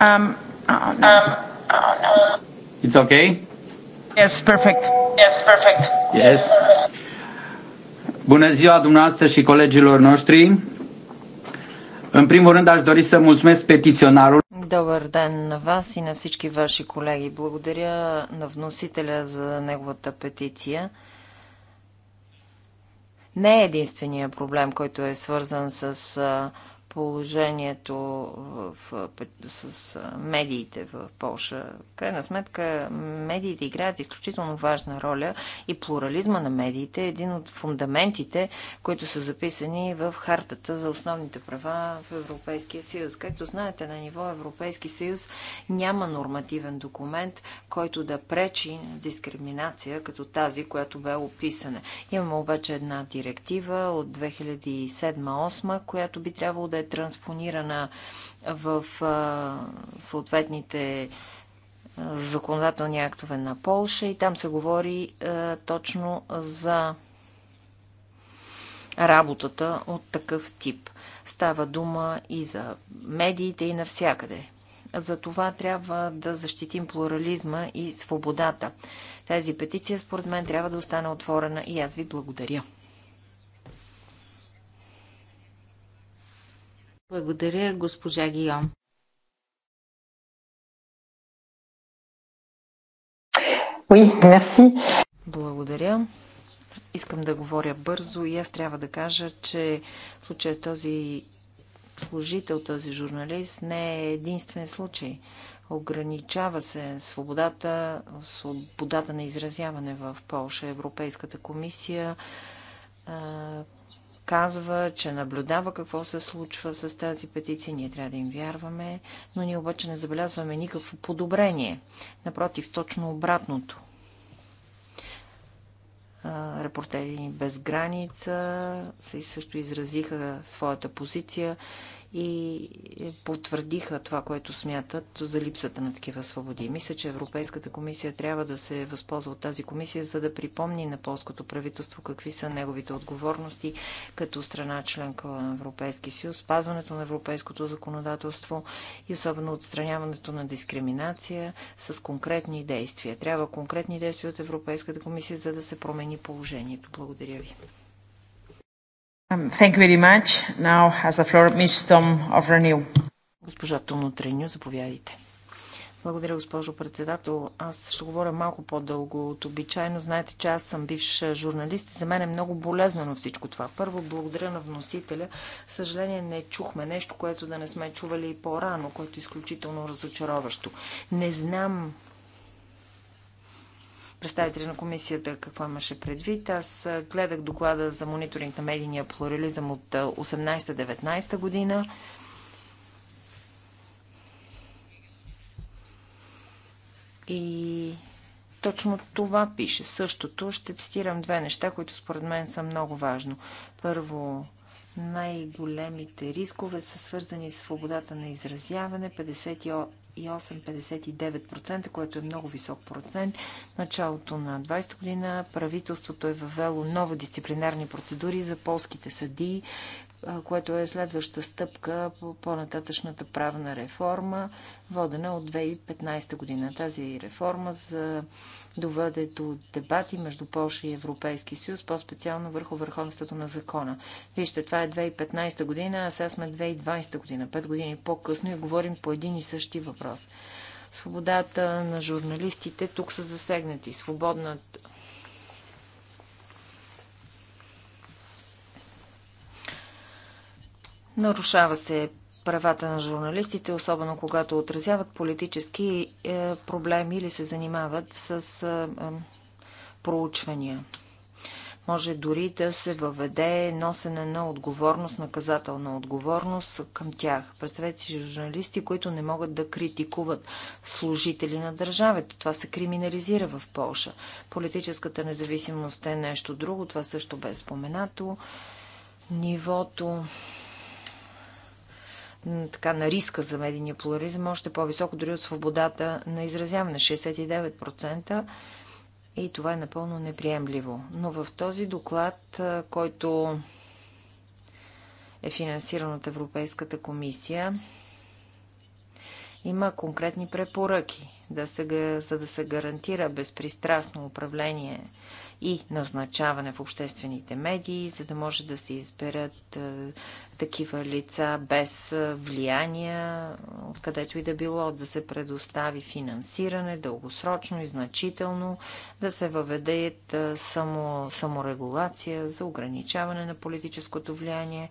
Um, oh, no. um, oh, no. It's okay? Yes, perfect. Yes, perfect. Yes. Bună ziua dumneavoastră și colegilor noștri. În primul rând aș dori să mulțumesc petiționarul Добър ден на вас и на всички ваши колеги. Благодаря на вносителя за неговата петиция. Не е единствения проблем, който е свързан с положението в, в, с медиите в Польша. В крайна сметка, медиите играят изключително важна роля и плурализма на медиите е един от фундаментите, които са записани в Хартата за основните права в Европейския съюз. Както знаете, на ниво Европейски съюз няма нормативен документ, който да пречи дискриминация, като тази, която бе описана. Имаме обаче една директива от 2007-2008, която би трябвало да е транспонирана в съответните законодателни актове на Полша и там се говори точно за работата от такъв тип. Става дума и за медиите и навсякъде. За това трябва да защитим плурализма и свободата. Тази петиция, според мен, трябва да остане отворена и аз ви благодаря. Благодаря, госпожа Гион. Oui, merci. Благодаря. Искам да говоря бързо и аз трябва да кажа, че в случая този служител, този журналист не е единствен случай. Ограничава се свободата, свободата на изразяване в Польша. Европейската комисия казва, че наблюдава какво се случва с тази петиция. Ние трябва да им вярваме, но ние обаче не забелязваме никакво подобрение. Напротив, точно обратното. Репортери без граница също изразиха своята позиция и потвърдиха това, което смятат за липсата на такива свободи. Мисля, че Европейската комисия трябва да се възползва от тази комисия, за да припомни на полското правителство какви са неговите отговорности като страна членка на Европейски съюз, спазването на европейското законодателство и особено отстраняването на дискриминация с конкретни действия. Трябва конкретни действия от Европейската комисия, за да се промени положението. Благодаря ви. Um, thank you very much. Now has the floor Ms. Tom of Renew. Госпожа Тон от Renew, заповядайте. Благодаря, госпожо председател. Аз ще говоря малко по-дълго от обичайно. Знаете, че аз съм бивш журналист и за мен е много болезнено всичко това. Първо, благодаря на вносителя. Съжаление, не чухме нещо, което да не сме чували и по-рано, което е изключително разочароващо. Не знам представители на комисията какво имаше предвид. Аз гледах доклада за мониторинг на медийния плурализъм от 18-19 година. И точно това пише. Същото ще цитирам две неща, които според мен са много важно. Първо, най-големите рискове са свързани с свободата на изразяване. 58, 58-59%, което е много висок процент. Началото на 20 година правителството е въвело нови дисциплинарни процедури за полските съдии, което е следваща стъпка по по-нататъчната правна реформа, водена от 2015 година. Тази реформа за доведе до дебати между Польша и Европейски съюз, по-специално върху върховенството на закона. Вижте, това е 2015 година, а сега сме 2020 година, 5 години по-късно и говорим по един и същи въпрос. Свободата на журналистите тук са засегнати. Свободна Нарушава се правата на журналистите, особено когато отразяват политически е, проблеми или се занимават с е, е, проучвания. Може дори да се въведе носене на отговорност, наказателна отговорност към тях. Представете си журналисти, които не могат да критикуват служители на държавата. Това се криминализира в Польша. Политическата независимост е нещо друго. Това също бе споменато. Нивото така на риска за медийния плурализъм още по-високо дори от свободата на изразяване 69% и това е напълно неприемливо. Но в този доклад, който е финансиран от Европейската комисия, има конкретни препоръки, да се, за да се гарантира безпристрастно управление и назначаване в обществените медии, за да може да се изберат е, такива лица без е, влияние, откъдето и да било, да се предостави финансиране дългосрочно и значително, да се въведе е, само, саморегулация за ограничаване на политическото влияние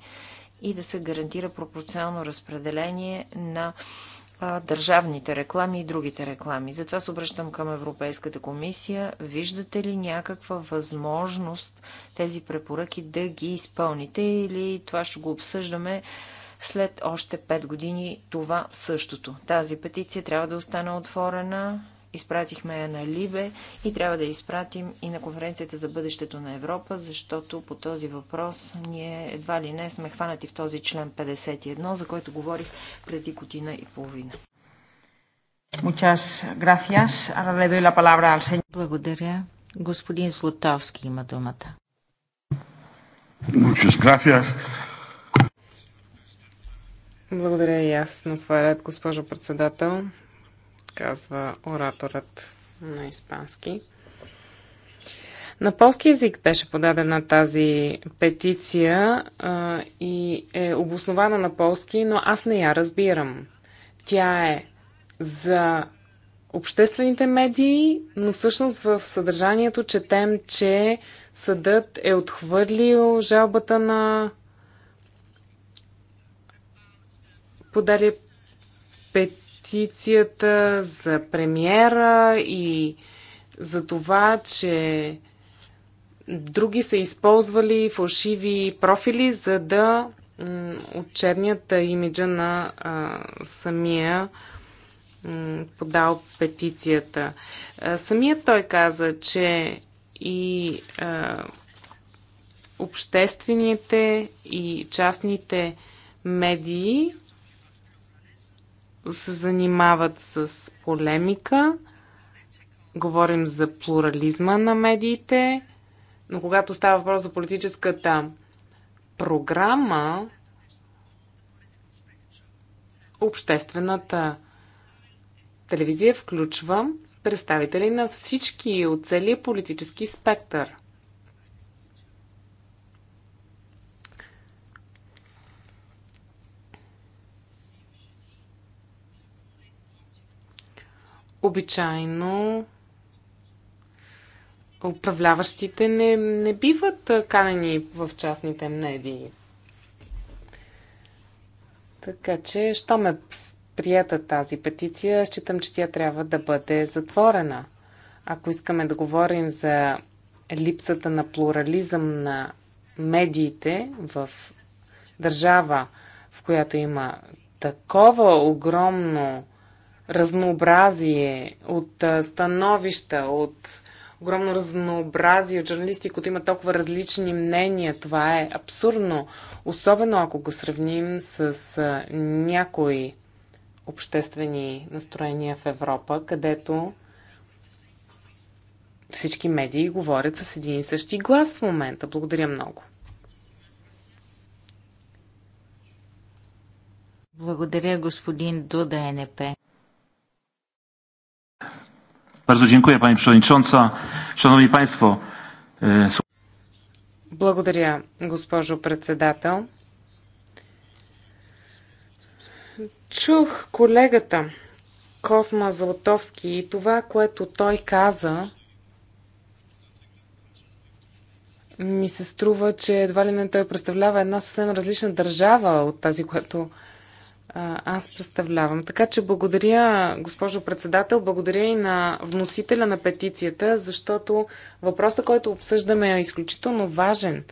и да се гарантира пропорционално разпределение на държавните реклами и другите реклами. Затова се обръщам към Европейската комисия. Виждате ли някаква възможност тези препоръки да ги изпълните или това ще го обсъждаме след още 5 години това същото? Тази петиция трябва да остане отворена Изпратихме я на Либе и трябва да изпратим и на конференцията за бъдещето на Европа, защото по този въпрос ние едва ли не сме хванати в този член 51, за който говорих преди година и половина. Благодаря. Господин Златовски има думата. Благодаря и аз на своя ред, госпожо председател казва ораторът на испански. На полски язик беше подадена тази петиция а, и е обоснована на полски, но аз не я разбирам. Тя е за обществените медии, но всъщност в съдържанието четем, че съдът е отхвърлил жалбата на подали пет петицията, за премиера и за това, че други са използвали фалшиви профили, за да отчернят имиджа на а, самия подал петицията. А, самият той каза, че и а, обществените и частните медии се занимават с полемика, говорим за плурализма на медиите, но когато става въпрос за политическата програма, обществената телевизия включва представители на всички от целия политически спектър. обичайно управляващите не, не биват канени в частните медии. Така че, що ме прията тази петиция, считам, че тя трябва да бъде затворена. Ако искаме да говорим за липсата на плурализъм на медиите в държава, в която има такова огромно разнообразие от становища, от огромно разнообразие от журналисти, които имат толкова различни мнения. Това е абсурдно, особено ако го сравним с някои обществени настроения в Европа, където всички медии говорят с един и същи глас в момента. Благодаря много. Благодаря, господин Дуда НП. Bardzo dziękuję, pani przewodnicząca. Szanowni państwo. E, Благодаря, госпожо председател. Чух колегата Косма Златовски и това, което той каза, ми се струва, че едва ли не той представлява една съвсем различна държава от тази, която аз представлявам. Така че благодаря, госпожо председател, благодаря и на вносителя на петицията, защото въпросът, който обсъждаме е изключително важен,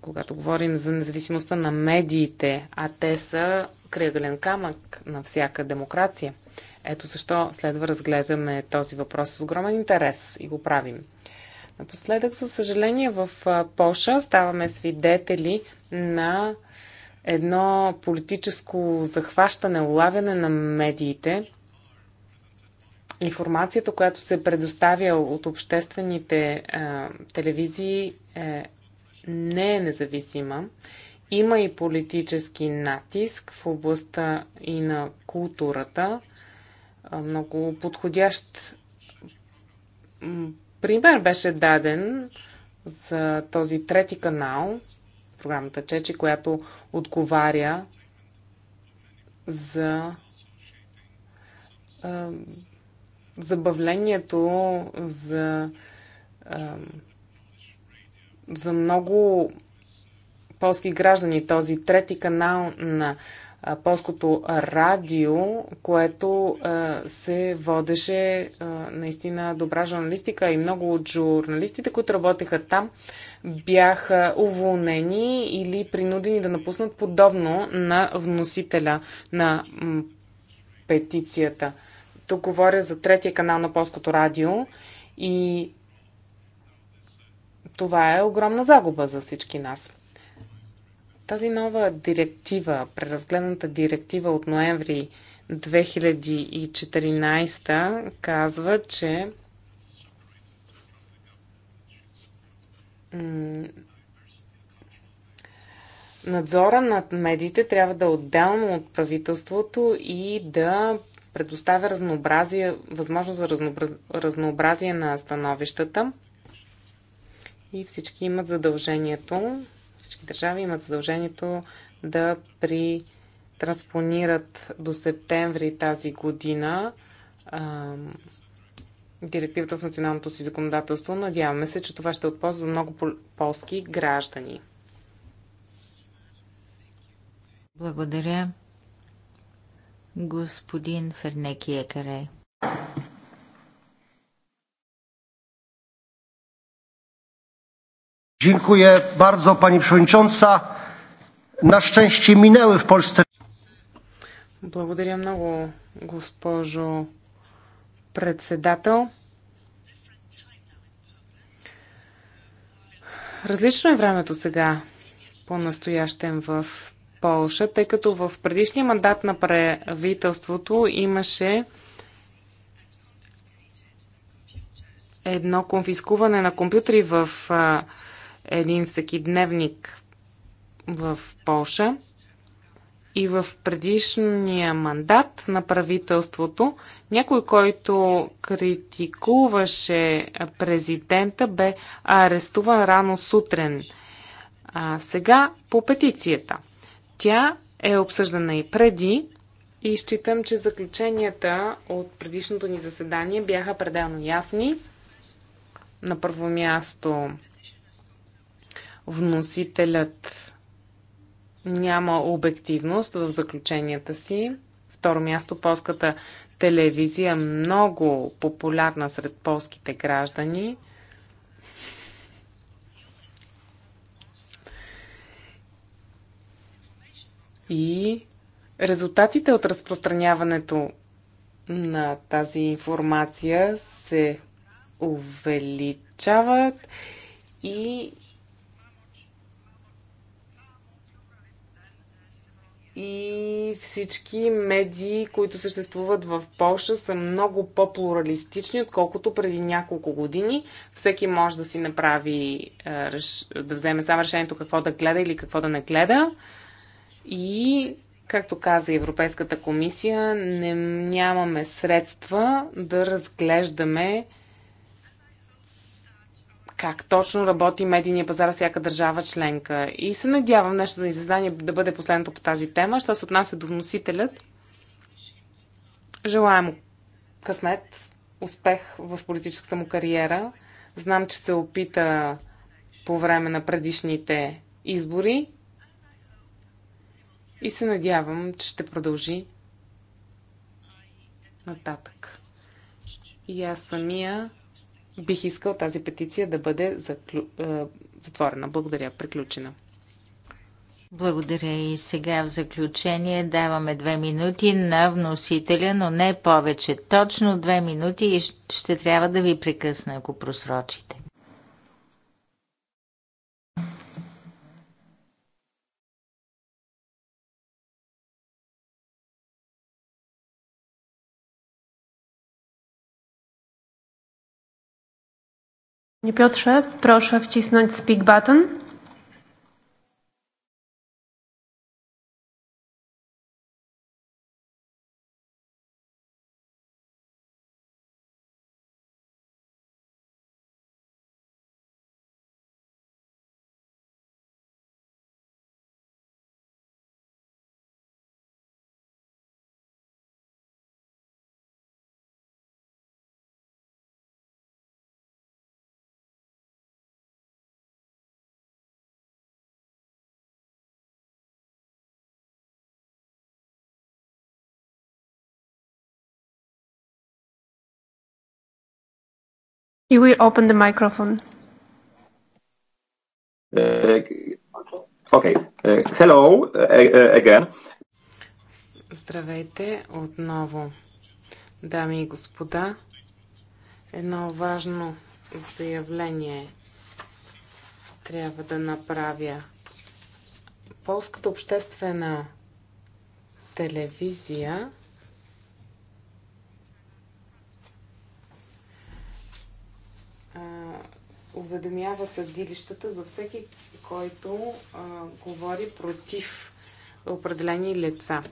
когато говорим за независимостта на медиите, а те са кръгален камък на всяка демокрация. Ето защо следва разглеждаме този въпрос с огромен интерес и го правим. Напоследък, със съжаление, в Поша ставаме свидетели на едно политическо захващане, улавяне на медиите. Информацията, която се предоставя от обществените е, телевизии, е, не е независима. Има и политически натиск в областта и на културата. Много подходящ пример беше даден за този трети канал, програмата Чечи, която отговаря за а, забавлението, за, а, за много полски граждани. Този трети канал на полското радио, което се водеше наистина добра журналистика и много от журналистите, които работеха там, бяха уволнени или принудени да напуснат подобно на вносителя на петицията. Тук говоря за третия канал на полското радио и това е огромна загуба за всички нас. Тази нова директива, преразгледната директива от ноември 2014 казва, че надзора над медиите трябва да е отделно от правителството и да предоставя разнообразие, възможност за разнообразие на становищата. И всички имат задължението всички държави имат задължението да при транспонират до септември тази година а, директивата в националното си законодателство. Надяваме се, че това ще е отползва за много пол полски граждани. Благодаря. Господин Фернеки Екаре. Dziękuję bardzo pani przewodnicząca. Na szczęście minęły w Polsce. Благодаря много, госпожо председател. Различно е времето сега по-настоящен в Полша, тъй като в предишния мандат на правителството имаше едно конфискуване на компютри в един дневник в Польша И в предишния мандат на правителството някой, който критикуваше президента, бе арестуван рано сутрин. А сега по петицията. Тя е обсъждана и преди и считам, че заключенията от предишното ни заседание бяха пределно ясни. На първо място Вносителят няма обективност в заключенията си. Второ място, полската телевизия е много популярна сред полските граждани. И резултатите от разпространяването на тази информация се увеличават и и всички медии, които съществуват в Польша, са много по-плуралистични, отколкото преди няколко години. Всеки може да си направи, е, да вземе сам решението какво да гледа или какво да не гледа. И, както каза Европейската комисия, не, нямаме средства да разглеждаме как точно работи медийния пазар всяка държава членка. И се надявам нещо на издание да бъде последното по тази тема. Що се отнася до вносителят, желая му късмет, успех в политическата му кариера. Знам, че се опита по време на предишните избори и се надявам, че ще продължи нататък. И аз самия бих искал тази петиция да бъде заклю... Е, затворена. Благодаря, приключена. Благодаря и сега в заключение даваме две минути на вносителя, но не повече. Точно две минути и ще трябва да ви прекъсна, ако просрочите. Panie Piotrze, proszę wcisnąć speak button. You will open the microphone. Uh, okay. Uh, hello uh, again. Здравейте отново, дами и господа. Едно важно заявление трябва да направя. Полската обществена телевизия уведомява съдилищата за всеки, който а, говори против определени лица.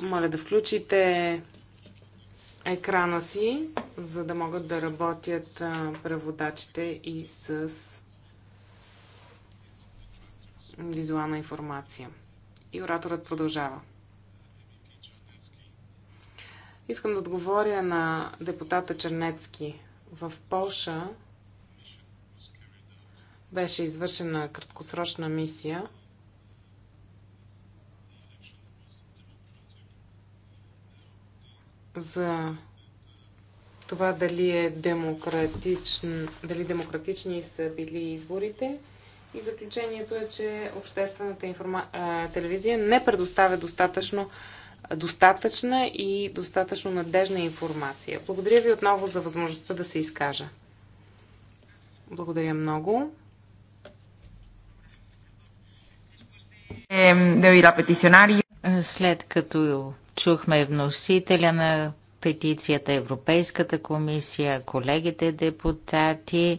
Моля да включите екрана си, за да могат да работят а, преводачите и с визуална информация. И ораторът продължава. Искам да отговоря на депутата Чернецки в Польша беше извършена краткосрочна мисия за това дали, е демократичен, дали демократични са били изборите. И заключението е, че обществената информа... телевизия не предоставя достатъчно достатъчна и достатъчно надежна информация. Благодаря ви отново за възможността да се изкажа. Благодаря много. След като чухме вносителя на петицията Европейската комисия, колегите депутати,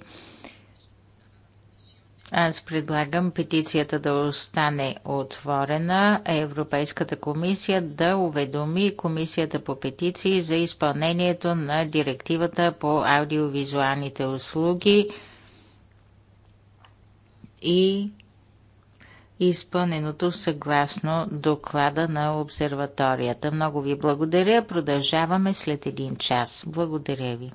аз предлагам петицията да остане отворена, а Европейската комисия да уведоми Комисията по петиции за изпълнението на директивата по аудиовизуалните услуги и изпълненото съгласно доклада на обсерваторията. Много ви благодаря. Продължаваме след един час. Благодаря ви.